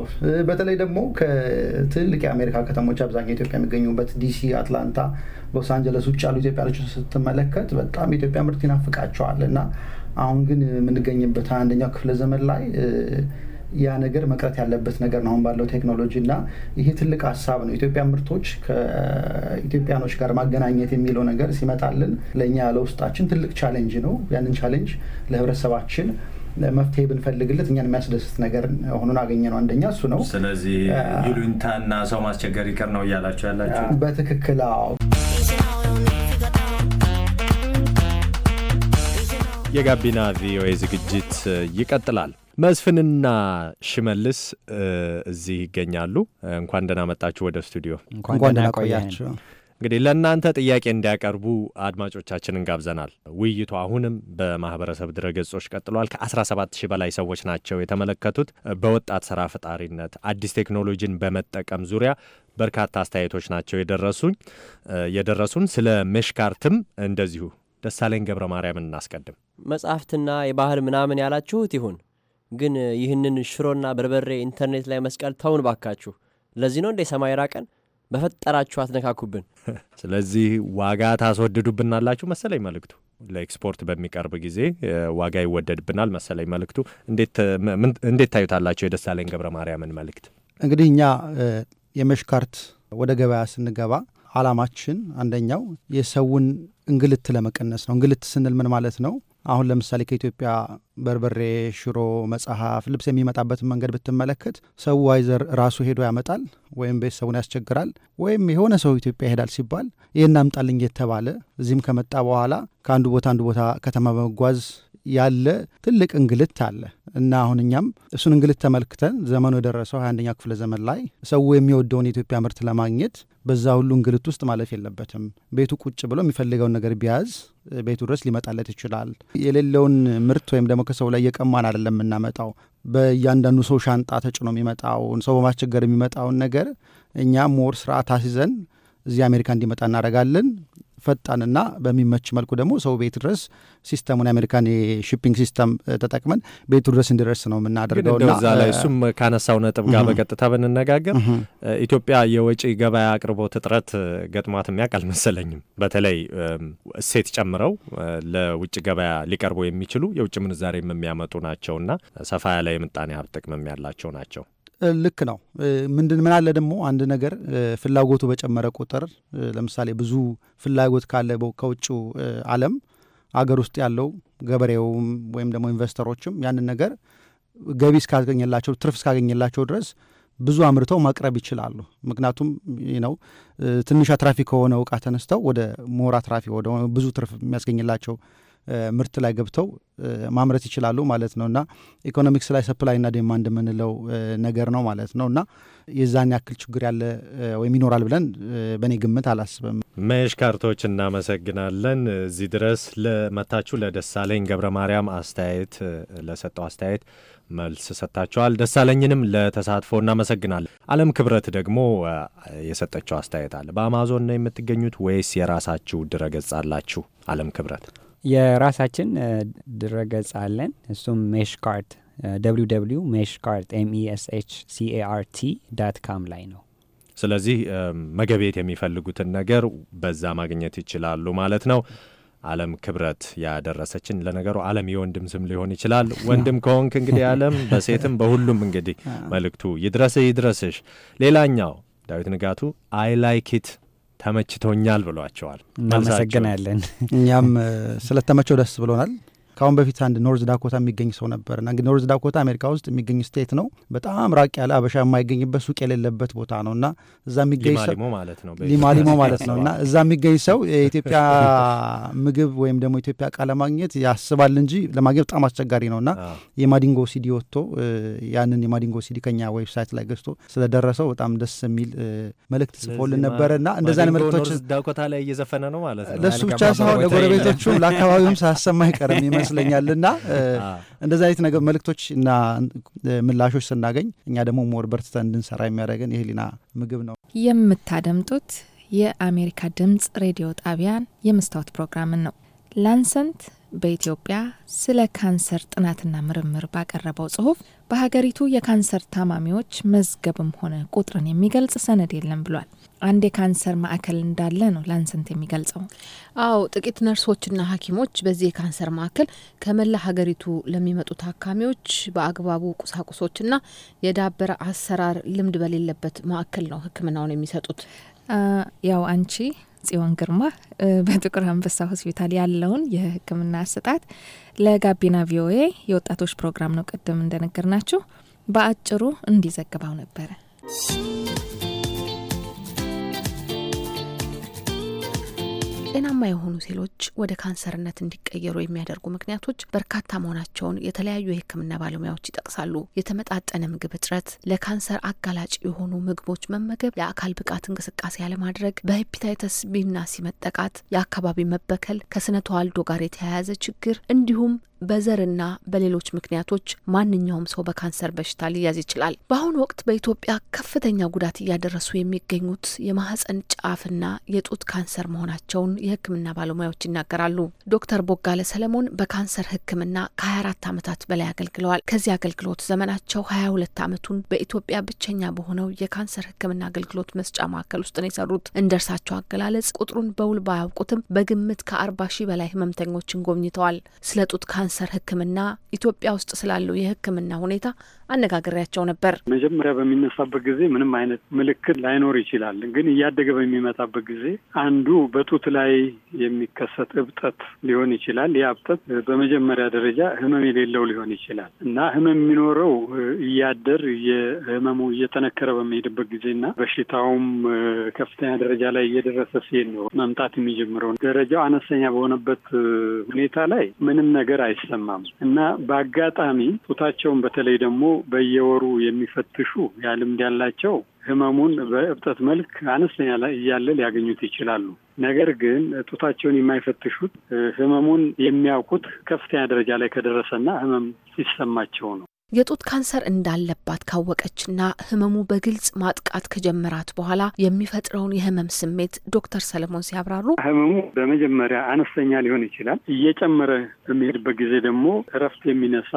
በተለይ ደግሞ ከትልቅ የአሜሪካ ከተሞች አብዛኛው ኢትዮጵያ የሚገኙበት ዲሲ፣ አትላንታ፣ ሎስ አንጀለስ ውጭ ያሉ ኢትዮጵያኖች ስትመለከት በጣም የኢትዮጵያ ምርት ይናፍቃቸዋል እና አሁን ግን የምንገኝበት አንደኛው ክፍለ ዘመን ላይ ያ ነገር መቅረት ያለበት ነገር ነው። አሁን ባለው ቴክኖሎጂ እና ይሄ ትልቅ ሀሳብ ነው። ኢትዮጵያ ምርቶች ከኢትዮጵያኖች ጋር ማገናኘት የሚለው ነገር ሲመጣልን ለእኛ ለውስጣችን ትልቅ ቻሌንጅ ነው። ያንን ቻሌንጅ ለህብረተሰባችን መፍትሄ ብንፈልግለት እኛን የሚያስደስት ነገር ሆኖን አገኘ ነው። አንደኛ እሱ ነው። ስለዚህ ይሉኝታና ሰው ማስቸገር ይቅር ነው እያላቸው ያላቸው በትክክል የጋቢና ቪኦኤ ዝግጅት ይቀጥላል። መስፍንና ሽመልስ እዚህ ይገኛሉ። እንኳን ደህና መጣችሁ ወደ ስቱዲዮ። እንኳን ደህና ቆያችሁ። እንግዲህ ለእናንተ ጥያቄ እንዲያቀርቡ አድማጮቻችንን ጋብዘናል። ውይይቱ አሁንም በማህበረሰብ ድረገጾች ቀጥሏል። ከ17 ሺህ በላይ ሰዎች ናቸው የተመለከቱት። በወጣት ስራ ፈጣሪነት አዲስ ቴክኖሎጂን በመጠቀም ዙሪያ በርካታ አስተያየቶች ናቸው የደረሱኝ የደረሱን። ስለ መሽካርትም እንደዚሁ ደሳለኝ ገብረ ማርያምን እናስቀድም። መጽሐፍትና የባህል ምናምን ያላችሁት ይሁን፣ ግን ይህንን ሽሮና በርበሬ ኢንተርኔት ላይ መስቀል ተውን ባካችሁ። ለዚህ ነው እንደ ሰማይ ራቀን በፈጠራችሁ አትነካኩብን። (laughs) ስለዚህ ዋጋ ታስወድዱብናላችሁ መሰለኝ መልእክቱ። ለኤክስፖርት በሚቀርብ ጊዜ ዋጋ ይወደድብናል መሰለኝ መልእክቱ። እንዴት ታዩታላችሁ የደሳለኝ ገብረ ማርያምን መልእክት? እንግዲህ እኛ የመሽካርት ወደ ገበያ ስንገባ አላማችን አንደኛው የሰውን እንግልት ለመቀነስ ነው። እንግልት ስንል ምን ማለት ነው? አሁን ለምሳሌ ከኢትዮጵያ በርበሬ፣ ሽሮ፣ መጽሐፍ፣ ልብስ የሚመጣበትን መንገድ ብትመለከት ሰው አይዘር ራሱ ሄዶ ያመጣል፣ ወይም ቤተሰቡን ያስቸግራል፣ ወይም የሆነ ሰው ኢትዮጵያ ይሄዳል ሲባል ይህን አምጣልኝ የተባለ እዚህም ከመጣ በኋላ ከአንዱ ቦታ አንዱ ቦታ ከተማ በመጓዝ ያለ ትልቅ እንግልት አለ እና አሁን እኛም እሱን እንግልት ተመልክተን ዘመኑ የደረሰው ሀያ ክፍለ ዘመን ላይ ሰው የሚወደውን የኢትዮጵያ ምርት ለማግኘት በዛ ሁሉ እንግልት ውስጥ ማለፍ የለበትም። ቤቱ ቁጭ ብሎ የሚፈልገውን ነገር ቢያዝ ቤቱ ድረስ ሊመጣለት ይችላል። የሌለውን ምርት ወይም ደግሞ ከሰው ላይ የቀማን አይደለም የምናመጣው። በእያንዳንዱ ሰው ሻንጣ ተጭኖ የሚመጣውን ሰው በማስቸገር የሚመጣውን ነገር እኛ ሞር ስርዓት አስይዘን እዚህ አሜሪካ እንዲመጣ እናደርጋለን። ፈጣንና በሚመች መልኩ ደግሞ ሰው ቤት ድረስ ሲስተሙን የአሜሪካን የሺፒንግ ሲስተም ተጠቅመን ቤቱ ድረስ እንዲደርስ ነው የምናደርገው። እዛ ላይ እሱም ካነሳው ነጥብ ጋር በቀጥታ ብንነጋገር ኢትዮጵያ የወጪ ገበያ አቅርቦት እጥረት ገጥሟት የሚያውቅ አልመሰለኝም። በተለይ እሴት ጨምረው ለውጭ ገበያ ሊቀርቡ የሚችሉ የውጭ ምንዛሬ የሚያመጡ ናቸውና ሰፋ ያለ የምጣኔ ሀብት ጥቅምም ያላቸው ናቸው። ልክ ነው። ምንድን ምን አለ ደግሞ አንድ ነገር ፍላጎቱ በጨመረ ቁጥር ለምሳሌ ብዙ ፍላጎት ካለ ከውጭ ዓለም አገር ውስጥ ያለው ገበሬውም ወይም ደግሞ ኢንቨስተሮችም ያንን ነገር ገቢ እስካገኘላቸው ትርፍ እስካገኘላቸው ድረስ ብዙ አምርተው ማቅረብ ይችላሉ። ምክንያቱም ነው ትንሽ አትራፊ ከሆነ እቃ ተነስተው ወደ ምሁር አትራፊ ወደ ብዙ ትርፍ የሚያስገኝላቸው ምርት ላይ ገብተው ማምረት ይችላሉ ማለት ነው እና ኢኮኖሚክስ ላይ ሰፕላይ እና ዴማንድ የምንለው ነገር ነው ማለት ነው እና የዛን ያክል ችግር ያለ ወይም ይኖራል ብለን በእኔ ግምት አላስብም። መሽ ካርቶች እናመሰግናለን። እዚህ ድረስ ለመታችሁ ለደሳለኝ ገብረ ማርያም አስተያየት ለሰጠው አስተያየት መልስ ሰጥታችኋል። ደሳለኝንም ለተሳትፎ እናመሰግናለን። አለም ክብረት ደግሞ የሰጠችው አስተያየት አለ። በአማዞን ነው የምትገኙት ወይስ የራሳችሁ ድረገጽ አላችሁ? አለም ክብረት የራሳችን ድረገጽ አለን። እሱም ሜሽ ካርት ደብሊው ሜሽ ካርት ኤምኢኤስኤች ሲኤአርቲ ዳት ካም ላይ ነው። ስለዚህ መገቤት የሚፈልጉትን ነገር በዛ ማግኘት ይችላሉ ማለት ነው። አለም ክብረት ያደረሰችን። ለነገሩ አለም የወንድም ስም ሊሆን ይችላል። ወንድም (laughs) ከሆንክ እንግዲህ አለም በሴትም በሁሉም እንግዲህ (laughs) መልእክቱ ይድረስህ ይድረስሽ። ሌላኛው ዳዊት ንጋቱ አይ ላይክ ኢት ተመችቶኛል ብሏቸዋል። እናመሰግናለን። እኛም ስለተመቸው ደስ ብሎናል። ከአሁን በፊት አንድ ኖርዝ ዳኮታ የሚገኝ ሰው ነበር እና ኖርዝ ዳኮታ አሜሪካ ውስጥ የሚገኝ ስቴት ነው። በጣም ራቅ ያለ አበሻ የማይገኝበት ሱቅ የሌለበት ቦታ ነው እና እዛ የሚገኝ ሰው ሊማሊሞ ማለት ነው (laughs) እና እዛ የሚገኝ ሰው የኢትዮጵያ ምግብ ወይም ደግሞ ኢትዮጵያ እቃ ለማግኘት ያስባል እንጂ ለማግኘት በጣም አስቸጋሪ ነው እና የማዲንጎ ሲዲ ወጥቶ ያንን የማዲንጎ ሲዲ ከኛ ዌብሳይት ላይ ገዝቶ ስለደረሰው በጣም ደስ የሚል መልእክት ጽፎልን ነበረ እና እንደዛ መልእክቶች ዳኮታ ላይ እየዘፈነ ነው ማለት ነው ለእሱ ብቻ ሳይሆን ለጎረቤቶቹም ለአካባቢውም ሳያሰማ አይቀርም ይመስል ይመስለኛልና (laughs) እንደዚህ አይነት ነገር መልእክቶች እና ምላሾች ስናገኝ እኛ ደግሞ ሞር በርትተን እንድንሰራ የሚያደርገን የህሊና ምግብ ነው። የምታደምጡት የአሜሪካ ድምጽ ሬዲዮ ጣቢያን የመስታወት ፕሮግራምን ነው። ላንሰንት በኢትዮጵያ ስለ ካንሰር ጥናትና ምርምር ባቀረበው ጽሁፍ በሀገሪቱ የካንሰር ታማሚዎች መዝገብም ሆነ ቁጥርን የሚገልጽ ሰነድ የለም ብሏል። አንድ የካንሰር ማዕከል እንዳለ ነው ላንሰንት የሚገልጸው። አዎ ጥቂት ነርሶችና ሐኪሞች በዚህ የካንሰር ማዕከል ከመላ ሀገሪቱ ለሚመጡ ታካሚዎች በአግባቡ ቁሳቁሶችና የዳበረ አሰራር ልምድ በሌለበት ማዕከል ነው ሕክምናውን የሚሰጡት። ያው አንቺ ጽዮን ግርማ በጥቁር አንበሳ ሆስፒታል ያለውን የሕክምና አሰጣጥ ለጋቢና ቪኦኤ የወጣቶች ፕሮግራም ነው ቅድም እንደነገርናችሁ በአጭሩ እንዲዘግባው ነበረ። ጤናማ የሆኑ ሴሎች ወደ ካንሰርነት እንዲቀየሩ የሚያደርጉ ምክንያቶች በርካታ መሆናቸውን የተለያዩ የሕክምና ባለሙያዎች ይጠቅሳሉ። የተመጣጠነ ምግብ እጥረት፣ ለካንሰር አጋላጭ የሆኑ ምግቦች መመገብ፣ የአካል ብቃት እንቅስቃሴ ያለማድረግ፣ በሄፒታይተስ ቢና ሲመጠቃት፣ የአካባቢ መበከል፣ ከስነ ተዋልዶ ጋር የተያያዘ ችግር እንዲሁም በዘርና በሌሎች ምክንያቶች ማንኛውም ሰው በካንሰር በሽታ ሊያዝ ይችላል። በአሁኑ ወቅት በኢትዮጵያ ከፍተኛ ጉዳት እያደረሱ የሚገኙት የማህፀን ጫፍና የጡት ካንሰር መሆናቸውን የሕክምና ባለሙያዎች ይናገራሉ። ዶክተር ቦጋለ ሰለሞን በካንሰር ሕክምና ከ24 ዓመታት በላይ አገልግለዋል። ከዚህ አገልግሎት ዘመናቸው 22 ዓመቱን በኢትዮጵያ ብቸኛ በሆነው የካንሰር ሕክምና አገልግሎት መስጫ ማዕከል ውስጥ ነው የሰሩት። እንደ እርሳቸው አገላለጽ ቁጥሩን በውል ባያውቁትም በግምት ከ40 ሺህ በላይ ህመምተኞችን ጎብኝተዋል። ስለ ጡት ካንሰር ሕክምና ኢትዮጵያ ውስጥ ስላለው የሕክምና ሁኔታ አነጋግሬያቸው ነበር። መጀመሪያ በሚነሳበት ጊዜ ምንም አይነት ምልክት ላይኖር ይችላል። ግን እያደገ በሚመጣበት ጊዜ አንዱ በጡት ላይ የሚከሰት እብጠት ሊሆን ይችላል። ያ እብጠት በመጀመሪያ ደረጃ ህመም የሌለው ሊሆን ይችላል እና ህመም የሚኖረው እያደር የህመሙ እየጠነከረ በሚሄድበት ጊዜና በሽታውም ከፍተኛ ደረጃ ላይ እየደረሰ ሲሄድ ነው መምጣት የሚጀምረው። ደረጃው አነስተኛ በሆነበት ሁኔታ ላይ ምንም ነገር አይ አይሰማም እና በአጋጣሚ ጡታቸውን በተለይ ደግሞ በየወሩ የሚፈትሹ ያልምድ ያላቸው ህመሙን በእብጠት መልክ አነስተኛ እያለ ሊያገኙት ይችላሉ። ነገር ግን ጡታቸውን የማይፈትሹት ህመሙን የሚያውቁት ከፍተኛ ደረጃ ላይ ከደረሰና ህመም ሲሰማቸው ነው። የጡት ካንሰር እንዳለባት ካወቀችና ህመሙ በግልጽ ማጥቃት ከጀመራት በኋላ የሚፈጥረውን የህመም ስሜት ዶክተር ሰለሞን ሲያብራሩ ህመሙ በመጀመሪያ አነስተኛ ሊሆን ይችላል። እየጨመረ በሚሄድበት ጊዜ ደግሞ እረፍት የሚነሳ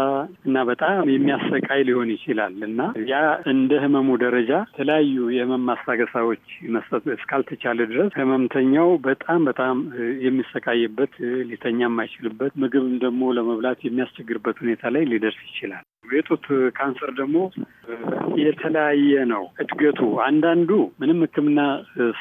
እና በጣም የሚያሰቃይ ሊሆን ይችላል እና ያ እንደ ህመሙ ደረጃ የተለያዩ የህመም ማስታገሳዎች መስጠት እስካልተቻለ ድረስ ህመምተኛው በጣም በጣም የሚሰቃይበት ሊተኛ የማይችልበት ምግብም ደግሞ ለመብላት የሚያስቸግርበት ሁኔታ ላይ ሊደርስ ይችላል። የጡት ካንሰር ደግሞ የተለያየ ነው እድገቱ። አንዳንዱ ምንም ሕክምና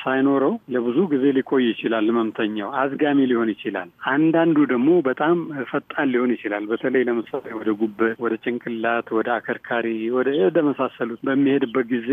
ሳይኖረው ለብዙ ጊዜ ሊቆይ ይችላል። ህመምተኛው አዝጋሚ ሊሆን ይችላል። አንዳንዱ ደግሞ በጣም ፈጣን ሊሆን ይችላል። በተለይ ለምሳሌ ወደ ጉበት፣ ወደ ጭንቅላት፣ ወደ አከርካሪ፣ ወደ መሳሰሉት በሚሄድበት ጊዜ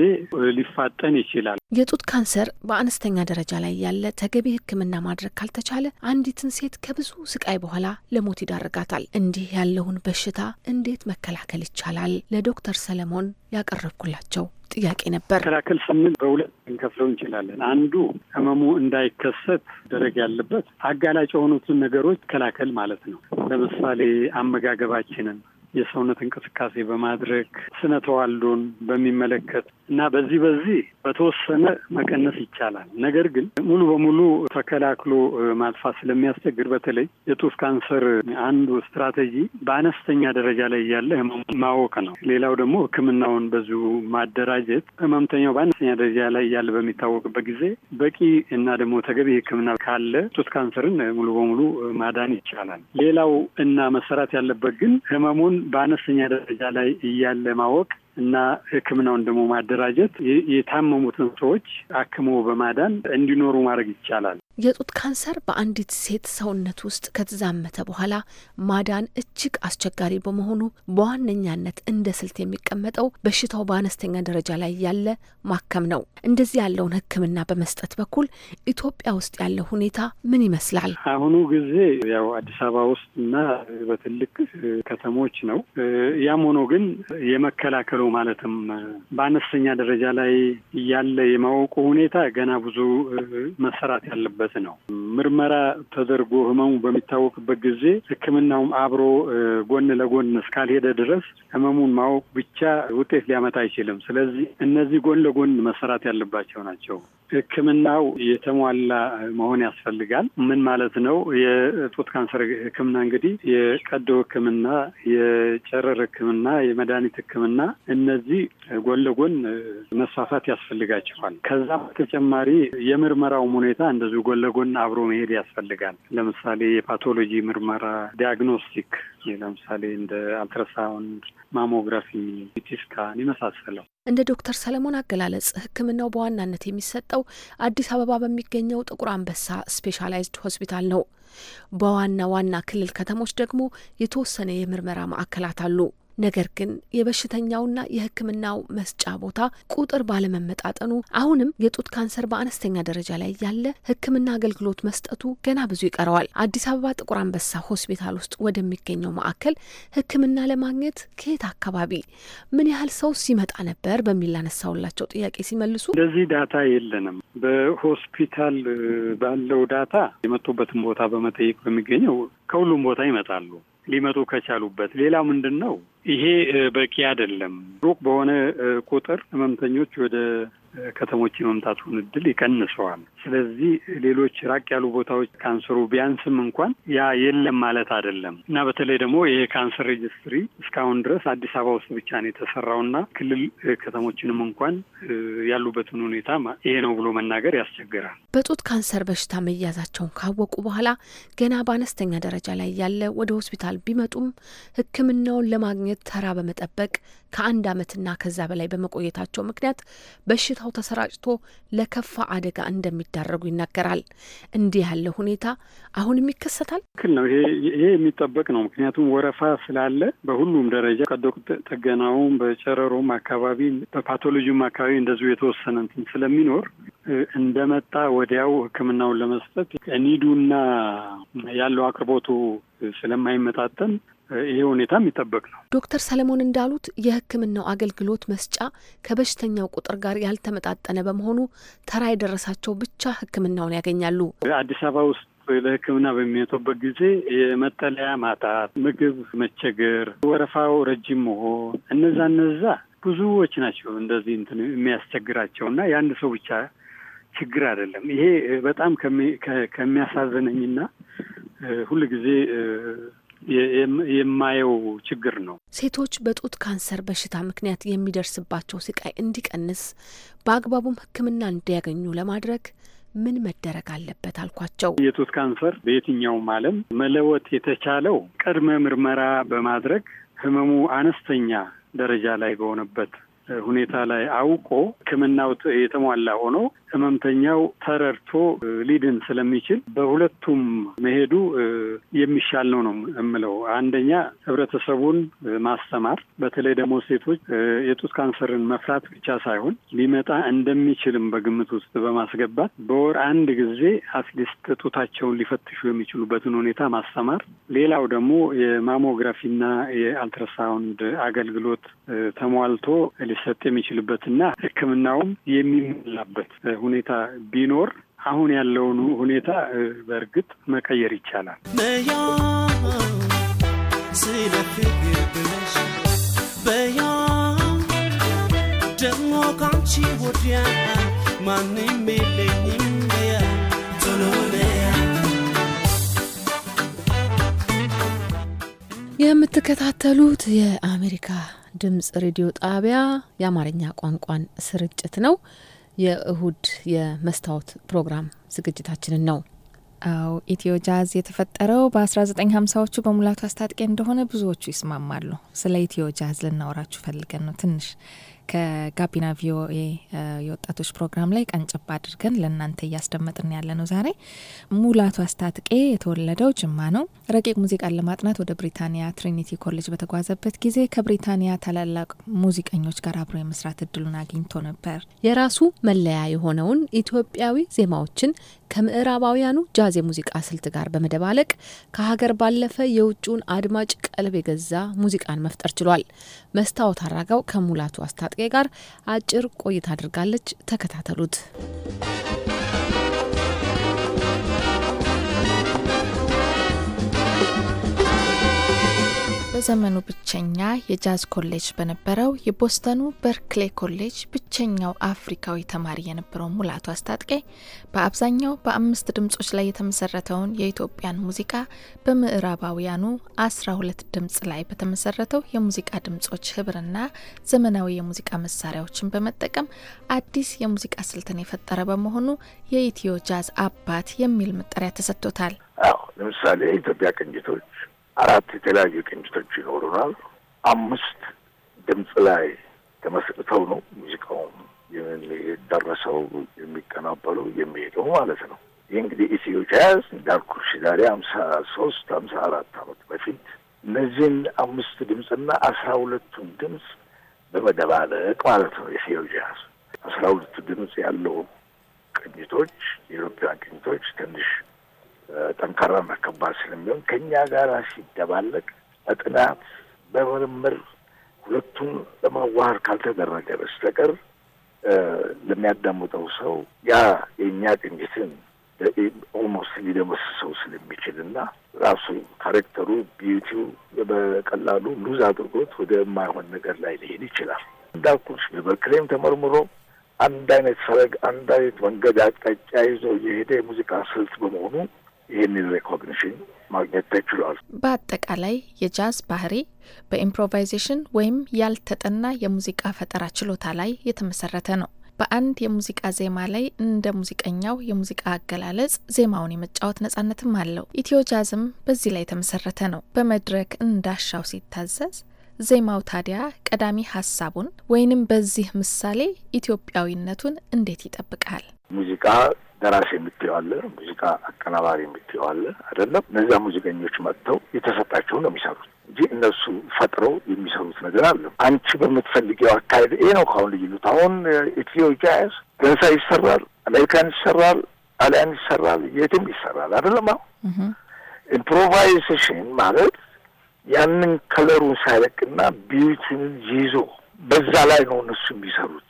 ሊፋጠን ይችላል። የጡት ካንሰር በአነስተኛ ደረጃ ላይ ያለ ተገቢ ሕክምና ማድረግ ካልተቻለ አንዲትን ሴት ከብዙ ስቃይ በኋላ ለሞት ይዳርጋታል። እንዲህ ያለውን በሽታ እንዴት መከላከል ይቻላል? ይቻላል? ለዶክተር ሰለሞን ያቀረብኩላቸው ጥያቄ ነበር። መከላከል ስንል በሁለት እንከፍለው እንችላለን። አንዱ ህመሙ እንዳይከሰት ደረግ ያለበት አጋላጭ የሆኑትን ነገሮች መከላከል ማለት ነው። ለምሳሌ አመጋገባችንን፣ የሰውነት እንቅስቃሴ በማድረግ ስነ ተዋልዶን በሚመለከት እና በዚህ በዚህ በተወሰነ መቀነስ ይቻላል። ነገር ግን ሙሉ በሙሉ ተከላክሎ ማጥፋት ስለሚያስቸግር በተለይ የጡት ካንሰር አንዱ ስትራቴጂ በአነስተኛ ደረጃ ላይ ያለ ህመሙ ማወቅ ነው። ሌላው ደግሞ ሕክምናውን በዚሁ ማደራጀት ህመምተኛው በአነስተኛ ደረጃ ላይ ያለ በሚታወቅበት ጊዜ በቂ እና ደግሞ ተገቢ ሕክምና ካለ ጡት ካንሰርን ሙሉ በሙሉ ማዳን ይቻላል። ሌላው እና መሰራት ያለበት ግን ህመሙን በአነስተኛ ደረጃ ላይ እያለ ማወቅ እና ሕክምናውን ደግሞ ማደራጀት የታመሙትን ሰዎች አክሞ በማዳን እንዲኖሩ ማድረግ ይቻላል። የጡት ካንሰር በአንዲት ሴት ሰውነት ውስጥ ከተዛመተ በኋላ ማዳን እጅግ አስቸጋሪ በመሆኑ በዋነኛነት እንደ ስልት የሚቀመጠው በሽታው በአነስተኛ ደረጃ ላይ ያለ ማከም ነው። እንደዚህ ያለውን ሕክምና በመስጠት በኩል ኢትዮጵያ ውስጥ ያለው ሁኔታ ምን ይመስላል? አሁኑ ጊዜ ያው አዲስ አበባ ውስጥ እና በትልቅ ከተሞች ነው። ያም ሆኖ ግን የመከላከሉ ማለትም በአነስተኛ ደረጃ ላይ ያለ የማወቁ ሁኔታ ገና ብዙ መሰራት ያለበት ማለት ነው። ምርመራ ተደርጎ ህመሙ በሚታወቅበት ጊዜ ሕክምናውም አብሮ ጎን ለጎን እስካልሄደ ድረስ ህመሙን ማወቅ ብቻ ውጤት ሊያመጣ አይችልም። ስለዚህ እነዚህ ጎን ለጎን መሰራት ያለባቸው ናቸው። ሕክምናው የተሟላ መሆን ያስፈልጋል። ምን ማለት ነው? የጡት ካንሰር ሕክምና እንግዲህ የቀዶ ሕክምና፣ የጨረር ሕክምና፣ የመድኃኒት ሕክምና እነዚህ ጎን ለጎን መስፋፋት ያስፈልጋቸዋል። ከዛ በተጨማሪ የምርመራውም ሁኔታ እንደዚሁ ጎን ለጎን አብሮ መሄድ ያስፈልጋል። ለምሳሌ የፓቶሎጂ ምርመራ ዲያግኖስቲክ፣ ለምሳሌ እንደ አልትራሳውንድ፣ ማሞግራፊ፣ ቲስካን የመሳሰለው እንደ ዶክተር ሰለሞን አገላለጽ ሕክምናው በዋናነት የሚሰጠው አዲስ አበባ በሚገኘው ጥቁር አንበሳ ስፔሻላይዝድ ሆስፒታል ነው። በዋና ዋና ክልል ከተሞች ደግሞ የተወሰነ የምርመራ ማዕከላት አሉ። ነገር ግን የበሽተኛውና የሕክምናው መስጫ ቦታ ቁጥር ባለመመጣጠኑ አሁንም የጡት ካንሰር በአነስተኛ ደረጃ ላይ ያለ ሕክምና አገልግሎት መስጠቱ ገና ብዙ ይቀረዋል። አዲስ አበባ ጥቁር አንበሳ ሆስፒታል ውስጥ ወደሚገኘው ማዕከል ሕክምና ለማግኘት ከየት አካባቢ ምን ያህል ሰው ሲመጣ ነበር በሚል ላነሳውላቸው ጥያቄ ሲመልሱ እንደዚህ ዳታ የለንም። በሆስፒታል ባለው ዳታ የመጡበትን ቦታ በመጠየቅ በሚገኘው ከሁሉም ቦታ ይመጣሉ። ሊመጡ ከቻሉበት። ሌላው ምንድን ነው? ይሄ በቂ አይደለም። ሩቅ በሆነ ቁጥር ህመምተኞች ወደ ከተሞች የመምጣቱን እድል ይቀንሰዋል። ስለዚህ ሌሎች ራቅ ያሉ ቦታዎች ካንሰሩ ቢያንስም እንኳን ያ የለም ማለት አይደለም እና በተለይ ደግሞ ይሄ ካንሰር ሬጅስትሪ እስካሁን ድረስ አዲስ አበባ ውስጥ ብቻ ነው የተሰራው እና ክልል ከተሞችንም እንኳን ያሉበትን ሁኔታ ይሄ ነው ብሎ መናገር ያስቸግራል። በጡት ካንሰር በሽታ መያዛቸውን ካወቁ በኋላ ገና በአነስተኛ ደረጃ ላይ ያለ ወደ ሆስፒታል ቢመጡም ሕክምናውን ለማግኘት ተራ በመጠበቅ ከአንድ ዓመትና ከዛ በላይ በመቆየታቸው ምክንያት በሽታው ተሰራጭቶ ለከፋ አደጋ እንደሚዳረጉ ይናገራል። እንዲህ ያለ ሁኔታ አሁንም ይከሰታል። ትክክል ነው። ይሄ የሚጠበቅ ነው። ምክንያቱም ወረፋ ስላለ በሁሉም ደረጃ ቀዶ ጥገናውም፣ በጨረሮም አካባቢ፣ በፓቶሎጂም አካባቢ እንደዚሁ የተወሰነ እንትን ስለሚኖር እንደመጣ ወዲያው ሕክምናውን ለመስጠት ኒዱና ያለው አቅርቦቱ ስለማይመጣጠን ይሄ ሁኔታ የሚጠበቅ ነው። ዶክተር ሰለሞን እንዳሉት የሕክምናው አገልግሎት መስጫ ከበሽተኛው ቁጥር ጋር ያልተመጣጠነ በመሆኑ ተራ የደረሳቸው ብቻ ሕክምናውን ያገኛሉ። አዲስ አበባ ውስጥ ለሕክምና በሚመጡበት ጊዜ የመጠለያ ማጣት፣ ምግብ መቸገር፣ ወረፋው ረጅም መሆን እነዛ እነዛ ብዙዎች ናቸው እንደዚህ እንትን የሚያስቸግራቸው እና የአንድ ሰው ብቻ ችግር አይደለም። ይሄ በጣም ከሚያሳዝነኝና ጊዜ። የማየው ችግር ነው። ሴቶች በጡት ካንሰር በሽታ ምክንያት የሚደርስባቸው ስቃይ እንዲቀንስ በአግባቡም ሕክምና እንዲያገኙ ለማድረግ ምን መደረግ አለበት አልኳቸው። የጡት ካንሰር በየትኛውም ዓለም መለወጥ የተቻለው ቅድመ ምርመራ በማድረግ ህመሙ አነስተኛ ደረጃ ላይ በሆነበት ሁኔታ ላይ አውቆ ህክምናው የተሟላ ሆኖ ህመምተኛው ተረድቶ ሊድን ስለሚችል በሁለቱም መሄዱ የሚሻል ነው ነው የምለው። አንደኛ ህብረተሰቡን ማስተማር፣ በተለይ ደግሞ ሴቶች የጡት ካንሰርን መፍራት ብቻ ሳይሆን ሊመጣ እንደሚችልም በግምት ውስጥ በማስገባት በወር አንድ ጊዜ አትሊስት ጡታቸውን ሊፈትሹ የሚችሉበትን ሁኔታ ማስተማር። ሌላው ደግሞ የማሞግራፊና የአልትራሳውንድ አገልግሎት ተሟልቶ ሊሰጥ የሚችልበትና ህክምናውም የሚሞላበት ሁኔታ ቢኖር አሁን ያለውን ሁኔታ በእርግጥ መቀየር ይቻላል። የምትከታተሉት የአሜሪካ ድምፅ ሬዲዮ ጣቢያ የአማርኛ ቋንቋን ስርጭት ነው። የእሁድ የመስታወት ፕሮግራም ዝግጅታችንን ነው። አው ኢትዮ ጃዝ የተፈጠረው በ1950ዎቹ በሙላቱ አስታጥቄ እንደሆነ ብዙዎቹ ይስማማሉ። ስለ ኢትዮ ጃዝ ልናወራችሁ ፈልገን ነው ትንሽ ከጋቢና ቪኦኤ የወጣቶች ፕሮግራም ላይ ቀንጭባ አድርገን ለእናንተ እያስደመጥን ያለ ነው። ዛሬ ሙላቱ አስታጥቄ የተወለደው ጅማ ነው። ረቂቅ ሙዚቃን ለማጥናት ወደ ብሪታንያ ትሪኒቲ ኮሌጅ በተጓዘበት ጊዜ ከብሪታንያ ታላላቅ ሙዚቀኞች ጋር አብሮ የመስራት እድሉን አግኝቶ ነበር። የራሱ መለያ የሆነውን ኢትዮጵያዊ ዜማዎችን ከምዕራባውያኑ ጃዝ የሙዚቃ ስልት ጋር በመደባለቅ ከሀገር ባለፈ የውጭውን አድማጭ ቀልብ የገዛ ሙዚቃን መፍጠር ችሏል። መስታወት አራጋው ከሙላቱ አስታጥቄ ጋር አጭር ቆይታ አድርጋለች። ተከታተሉት። በዘመኑ ብቸኛ የጃዝ ኮሌጅ በነበረው የቦስተኑ በርክሌ ኮሌጅ ብቸኛው አፍሪካዊ ተማሪ የነበረው ሙላቱ አስታጥቄ በአብዛኛው በአምስት ድምጾች ላይ የተመሰረተውን የኢትዮጵያን ሙዚቃ በምዕራባውያኑ አስራ ሁለት ድምጽ ላይ በተመሰረተው የሙዚቃ ድምጾች ህብርና ዘመናዊ የሙዚቃ መሳሪያዎችን በመጠቀም አዲስ የሙዚቃ ስልትን የፈጠረ በመሆኑ የኢትዮ ጃዝ አባት የሚል መጠሪያ ተሰጥቶታል። አዎ ለምሳሌ የኢትዮጵያ ቅንጅቶች አራት የተለያዩ ቅኝቶች ይኖሩናል። አምስት ድምፅ ላይ ተመስርተው ነው ሙዚቃውም ደረሰው የሚቀናበሉ የሚሄደው ማለት ነው። ይህ እንግዲህ ኢትዮ ጃዝ እንዳልኩሽ ዛሬ ሀምሳ ሶስት ሀምሳ አራት ዓመት በፊት እነዚህን አምስት ድምፅና አስራ ሁለቱን ድምፅ በመደባለቅ ማለት ነው ኢትዮ ጃዝ አስራ ሁለቱ ድምፅ ያለው ቅኝቶች የኢትዮጵያ ቅኝቶች ትንሽ ጠንካራ መከባድ ስለሚሆን ከእኛ ጋር ሲደባለቅ በጥናት በምርምር ሁለቱም ለማዋሃድ ካልተደረገ በስተቀር ለሚያዳምጠው ሰው ያ የእኛ ቅኝትን ኦልሞስት ሊደመስሰው ስለሚችል እና ራሱ ካሬክተሩ ቢዩቲው በቀላሉ ሉዝ አድርጎት ወደ የማይሆን ነገር ላይ ሊሄድ ይችላል። እንዳልኩሽ በበርክሌም ተመርምሮ አንድ አይነት ሰረግ አንድ አይነት መንገድ አቅጣጫ ይዞ የሄደ የሙዚቃ ስልት በመሆኑ ይህንን ሬኮግኒሽን ማግኘት ተችሏል። በአጠቃላይ የጃዝ ባህሪ በኢምፕሮቫይዜሽን ወይም ያልተጠና የሙዚቃ ፈጠራ ችሎታ ላይ የተመሰረተ ነው። በአንድ የሙዚቃ ዜማ ላይ እንደ ሙዚቀኛው የሙዚቃ አገላለጽ ዜማውን የመጫወት ነጻነትም አለው። ኢትዮ ጃዝም በዚህ ላይ የተመሰረተ ነው። በመድረክ እንዳሻው ሲታዘዝ ዜማው ታዲያ ቀዳሚ ሀሳቡን ወይንም በዚህ ምሳሌ ኢትዮጵያዊነቱን እንዴት ይጠብቃል? ሙዚቃ ደራሲ የምትየው አለ፣ ሙዚቃ አቀናባሪ የምትየው አለ አይደለም። እነዚያ ሙዚቀኞች መጥተው የተሰጣቸውን ነው የሚሰሩት እንጂ እነሱ ፈጥረው የሚሰሩት ነገር አለ። አንቺ በምትፈልጊው አካሄድ ይሄ ነው ካሁን ልዩነት። አሁን ኢትዮ ጃዝ ደንሳ ይሰራል፣ አሜሪካን ይሰራል፣ ጣሊያን ይሰራል፣ የትም ይሰራል አይደለም። አሁን ኢምፕሮቫይዜሽን ማለት ያንን ከለሩን ሳይለቅና ቢዩቱን ይዞ በዛ ላይ ነው እነሱ የሚሰሩት።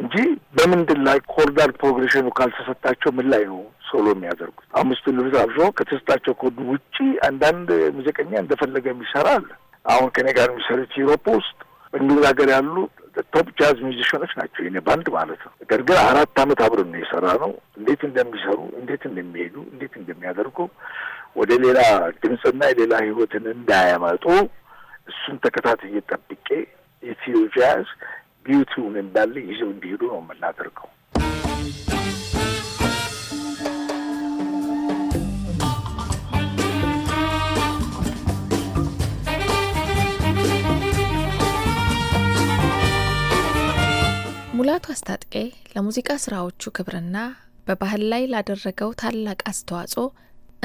እንጂ በምንድን ላይ ኮርዳል ፕሮግሬሽኑ ካልተሰጣቸው ምን ላይ ነው ሶሎ የሚያደርጉት? አምስቱ ልብስ አብሾ ከተሰጣቸው ኮድ ውጪ አንዳንድ ሙዚቀኛ እንደፈለገ የሚሰራ አለ። አሁን ከኔ ጋር የሚሰሩት ዩሮፕ ውስጥ እንግሊዝ ሀገር ያሉ ቶፕ ጃዝ ሚዚሽኖች ናቸው የኔ ባንድ ማለት ነው። ነገር ግን አራት አመት አብረን ነው የሰራ ነው። እንዴት እንደሚሰሩ እንዴት እንደሚሄዱ እንዴት እንደሚያደርጉ ወደ ሌላ ድምፅና የሌላ ህይወትን እንዳያመጡ እሱን ተከታት ጠብቄ የኢትዮ ጃዝ ቢዩቲውን እንዳለ ይዘው እንዲሄዱ ነው የምናደርገው። ሙላቱ አስታጥቄ ለሙዚቃ ስራዎቹ ክብርና በባህል ላይ ላደረገው ታላቅ አስተዋጽኦ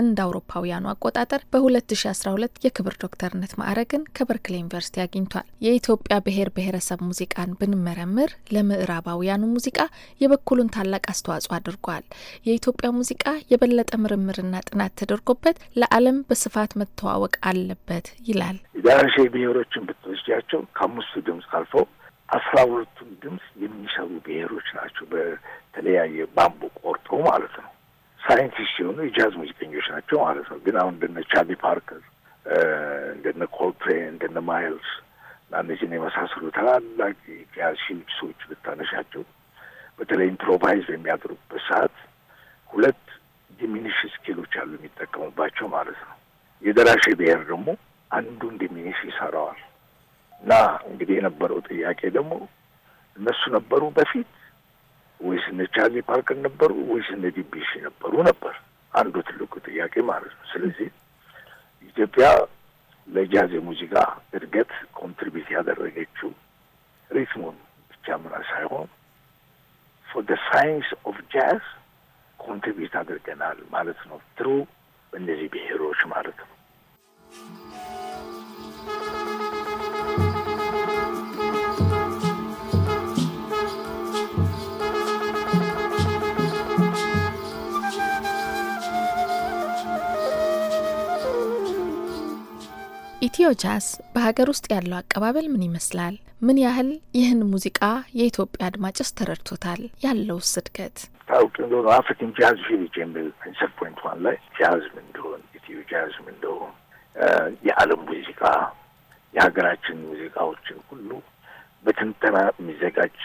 እንደ አውሮፓውያኑ አቆጣጠር በ2012 የክብር ዶክተርነት ማዕረግን ከበርክሌ ዩኒቨርሲቲ አግኝቷል። የኢትዮጵያ ብሔር ብሔረሰብ ሙዚቃን ብንመረምር ለምዕራባውያኑ ሙዚቃ የበኩሉን ታላቅ አስተዋጽኦ አድርጓል። የኢትዮጵያ ሙዚቃ የበለጠ ምርምርና ጥናት ተደርጎበት ለዓለም በስፋት መተዋወቅ አለበት ይላል። የአርሼ ብሔሮችን ብትወስጃቸው ከአምስቱ ድምፅ አልፎ አስራ ሁለቱን ድምፅ የሚሰሩ ብሔሮች ናቸው። በተለያየ ባምቡ ቆርጦ ማለት ነው። ሳይንቲስት ሲሆኑ የጃዝ ሙዚቀኞች ናቸው ማለት ነው። ግን አሁን እንደነ ቻሊ ፓርከር፣ እንደነ ኮልትሬን፣ እንደነ ማይልስ እና እነዚህን የመሳሰሉ ታላላቅ ጃዝ ሺልሶች ብታነሻቸው በተለይ ኢምፕሮቫይዝ በሚያድሩበት ሰዓት ሁለት ዲሚኒሽ ስኪሎች አሉ የሚጠቀሙባቸው ማለት ነው። የደራሽ ብሔር ደግሞ አንዱን ዲሚኒሽ ይሰራዋል እና እንግዲህ የነበረው ጥያቄ ደግሞ እነሱ ነበሩ በፊት ወይስ እነ ቻሊ ፓርከር ነበሩ ወይስ እነ ነበሩ ነበር አንዱ ትልቁ ጥያቄ ማለት ነው። ስለዚህ ኢትዮጵያ ለጃዝ ሙዚቃ እድገት ኮንትሪቢት ያደረገችው ሪትሙን ብቻ ምና ሳይሆን ፎር ደ ሳይንስ ኦፍ ጃዝ ኮንትሪቢት አድርገናል ማለት ነው። ትሩ እነዚህ ብሔሮች ማለት ነው። ኢትዮ ጃዝ በሀገር ውስጥ ያለው አቀባበል ምን ይመስላል? ምን ያህል ይህን ሙዚቃ የኢትዮጵያ አድማጭስ ተረድቶታል? ያለውስ እድገት ታውቅ እንደሆነ አፍሪካን ጃዝ ቪሊጅ የሚል ኢንሰር ፖይንት ዋን ላይ ጃዝ ምን እንደሆን ኢትዮ ጃዝ ምን እንደሆን የዓለም ሙዚቃ የሀገራችን ሙዚቃዎችን ሁሉ በትንተና የሚዘጋጅ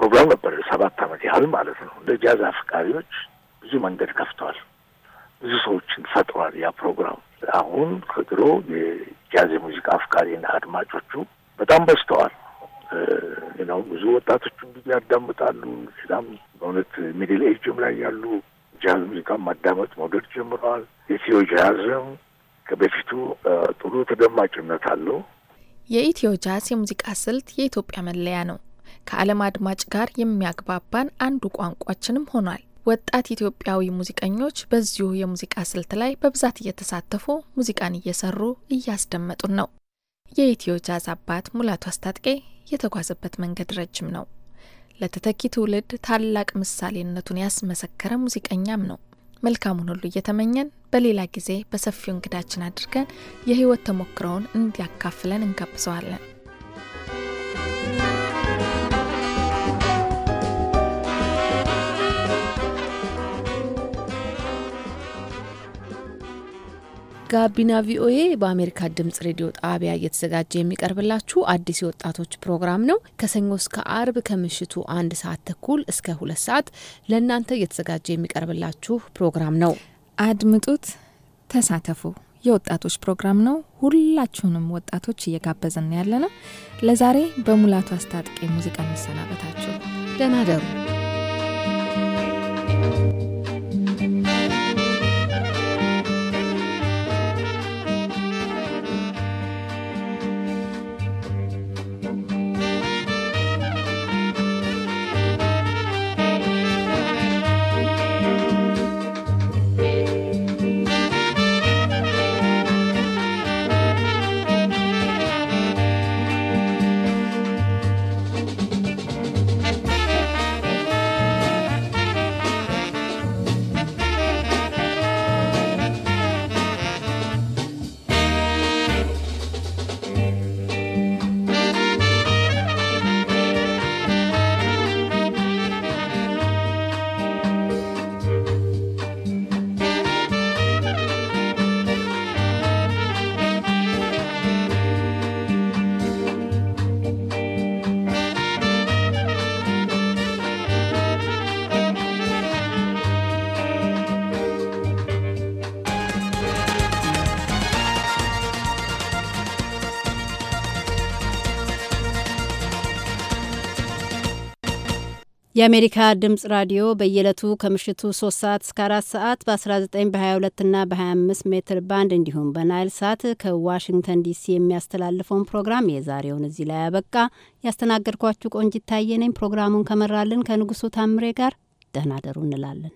ፕሮግራም ነበር። ሰባት ዓመት ያህል ማለት ነው። እንደ ጃዝ አፍቃሪዎች ብዙ መንገድ ከፍተዋል። ብዙ ሰዎችን ፈጥሯል። ያ ፕሮግራም አሁን ከድሮ የጃዝ የሙዚቃ አፍቃሪና አድማጮቹ በጣም በዝተዋል ነው። ብዙ ወጣቶች ያዳምጣሉ። ሌላም በእውነት ሚድል ኤጅም ላይ ያሉ ጃዝ ሙዚቃ ማዳመጥ መውደድ ጀምረዋል። ኢትዮ ጃዝም ከበፊቱ ጥሩ ተደማጭነት አለው። የኢትዮ ጃዝ የሙዚቃ ስልት የኢትዮጵያ መለያ ነው። ከዓለም አድማጭ ጋር የሚያግባባን አንዱ ቋንቋችንም ሆኗል። ወጣት ኢትዮጵያዊ ሙዚቀኞች በዚሁ የሙዚቃ ስልት ላይ በብዛት እየተሳተፉ ሙዚቃን እየሰሩ እያስደመጡን ነው። የኢትዮ ጃዝ አባት ሙላቱ አስታጥቄ የተጓዘበት መንገድ ረጅም ነው። ለተተኪ ትውልድ ታላቅ ምሳሌነቱን ያስመሰከረ ሙዚቀኛም ነው። መልካሙን ሁሉ እየተመኘን በሌላ ጊዜ በሰፊው እንግዳችን አድርገን የህይወት ተሞክሮውን እንዲያካፍለን እንጋብዘዋለን። ጋቢና ቪኦኤ በአሜሪካ ድምጽ ሬዲዮ ጣቢያ እየተዘጋጀ የሚቀርብላችሁ አዲስ የወጣቶች ፕሮግራም ነው። ከሰኞ እስከ አርብ ከምሽቱ አንድ ሰዓት ተኩል እስከ ሁለት ሰዓት ለእናንተ እየተዘጋጀ የሚቀርብላችሁ ፕሮግራም ነው። አድምጡት፣ ተሳተፉ። የወጣቶች ፕሮግራም ነው። ሁላችሁንም ወጣቶች እየጋበዝን ያለ ነው። ለዛሬ በሙላቱ አስታጥቄ ሙዚቃ እንሰናበታችሁ። ደህና ደሩ። የአሜሪካ ድምጽ ራዲዮ በየዕለቱ ከምሽቱ 3 ሰዓት እስከ 4 ሰዓት በ19 በ22 እና በ25 ሜትር ባንድ እንዲሁም በናይል ሳት ከዋሽንግተን ዲሲ የሚያስተላልፈውን ፕሮግራም የዛሬውን እዚህ ላይ አበቃ። ያስተናገድኳችሁ ቆንጂት ታየ ነኝ። ፕሮግራሙን ከመራልን ከንጉሱ ታምሬ ጋር ደህና ደሩ እንላለን።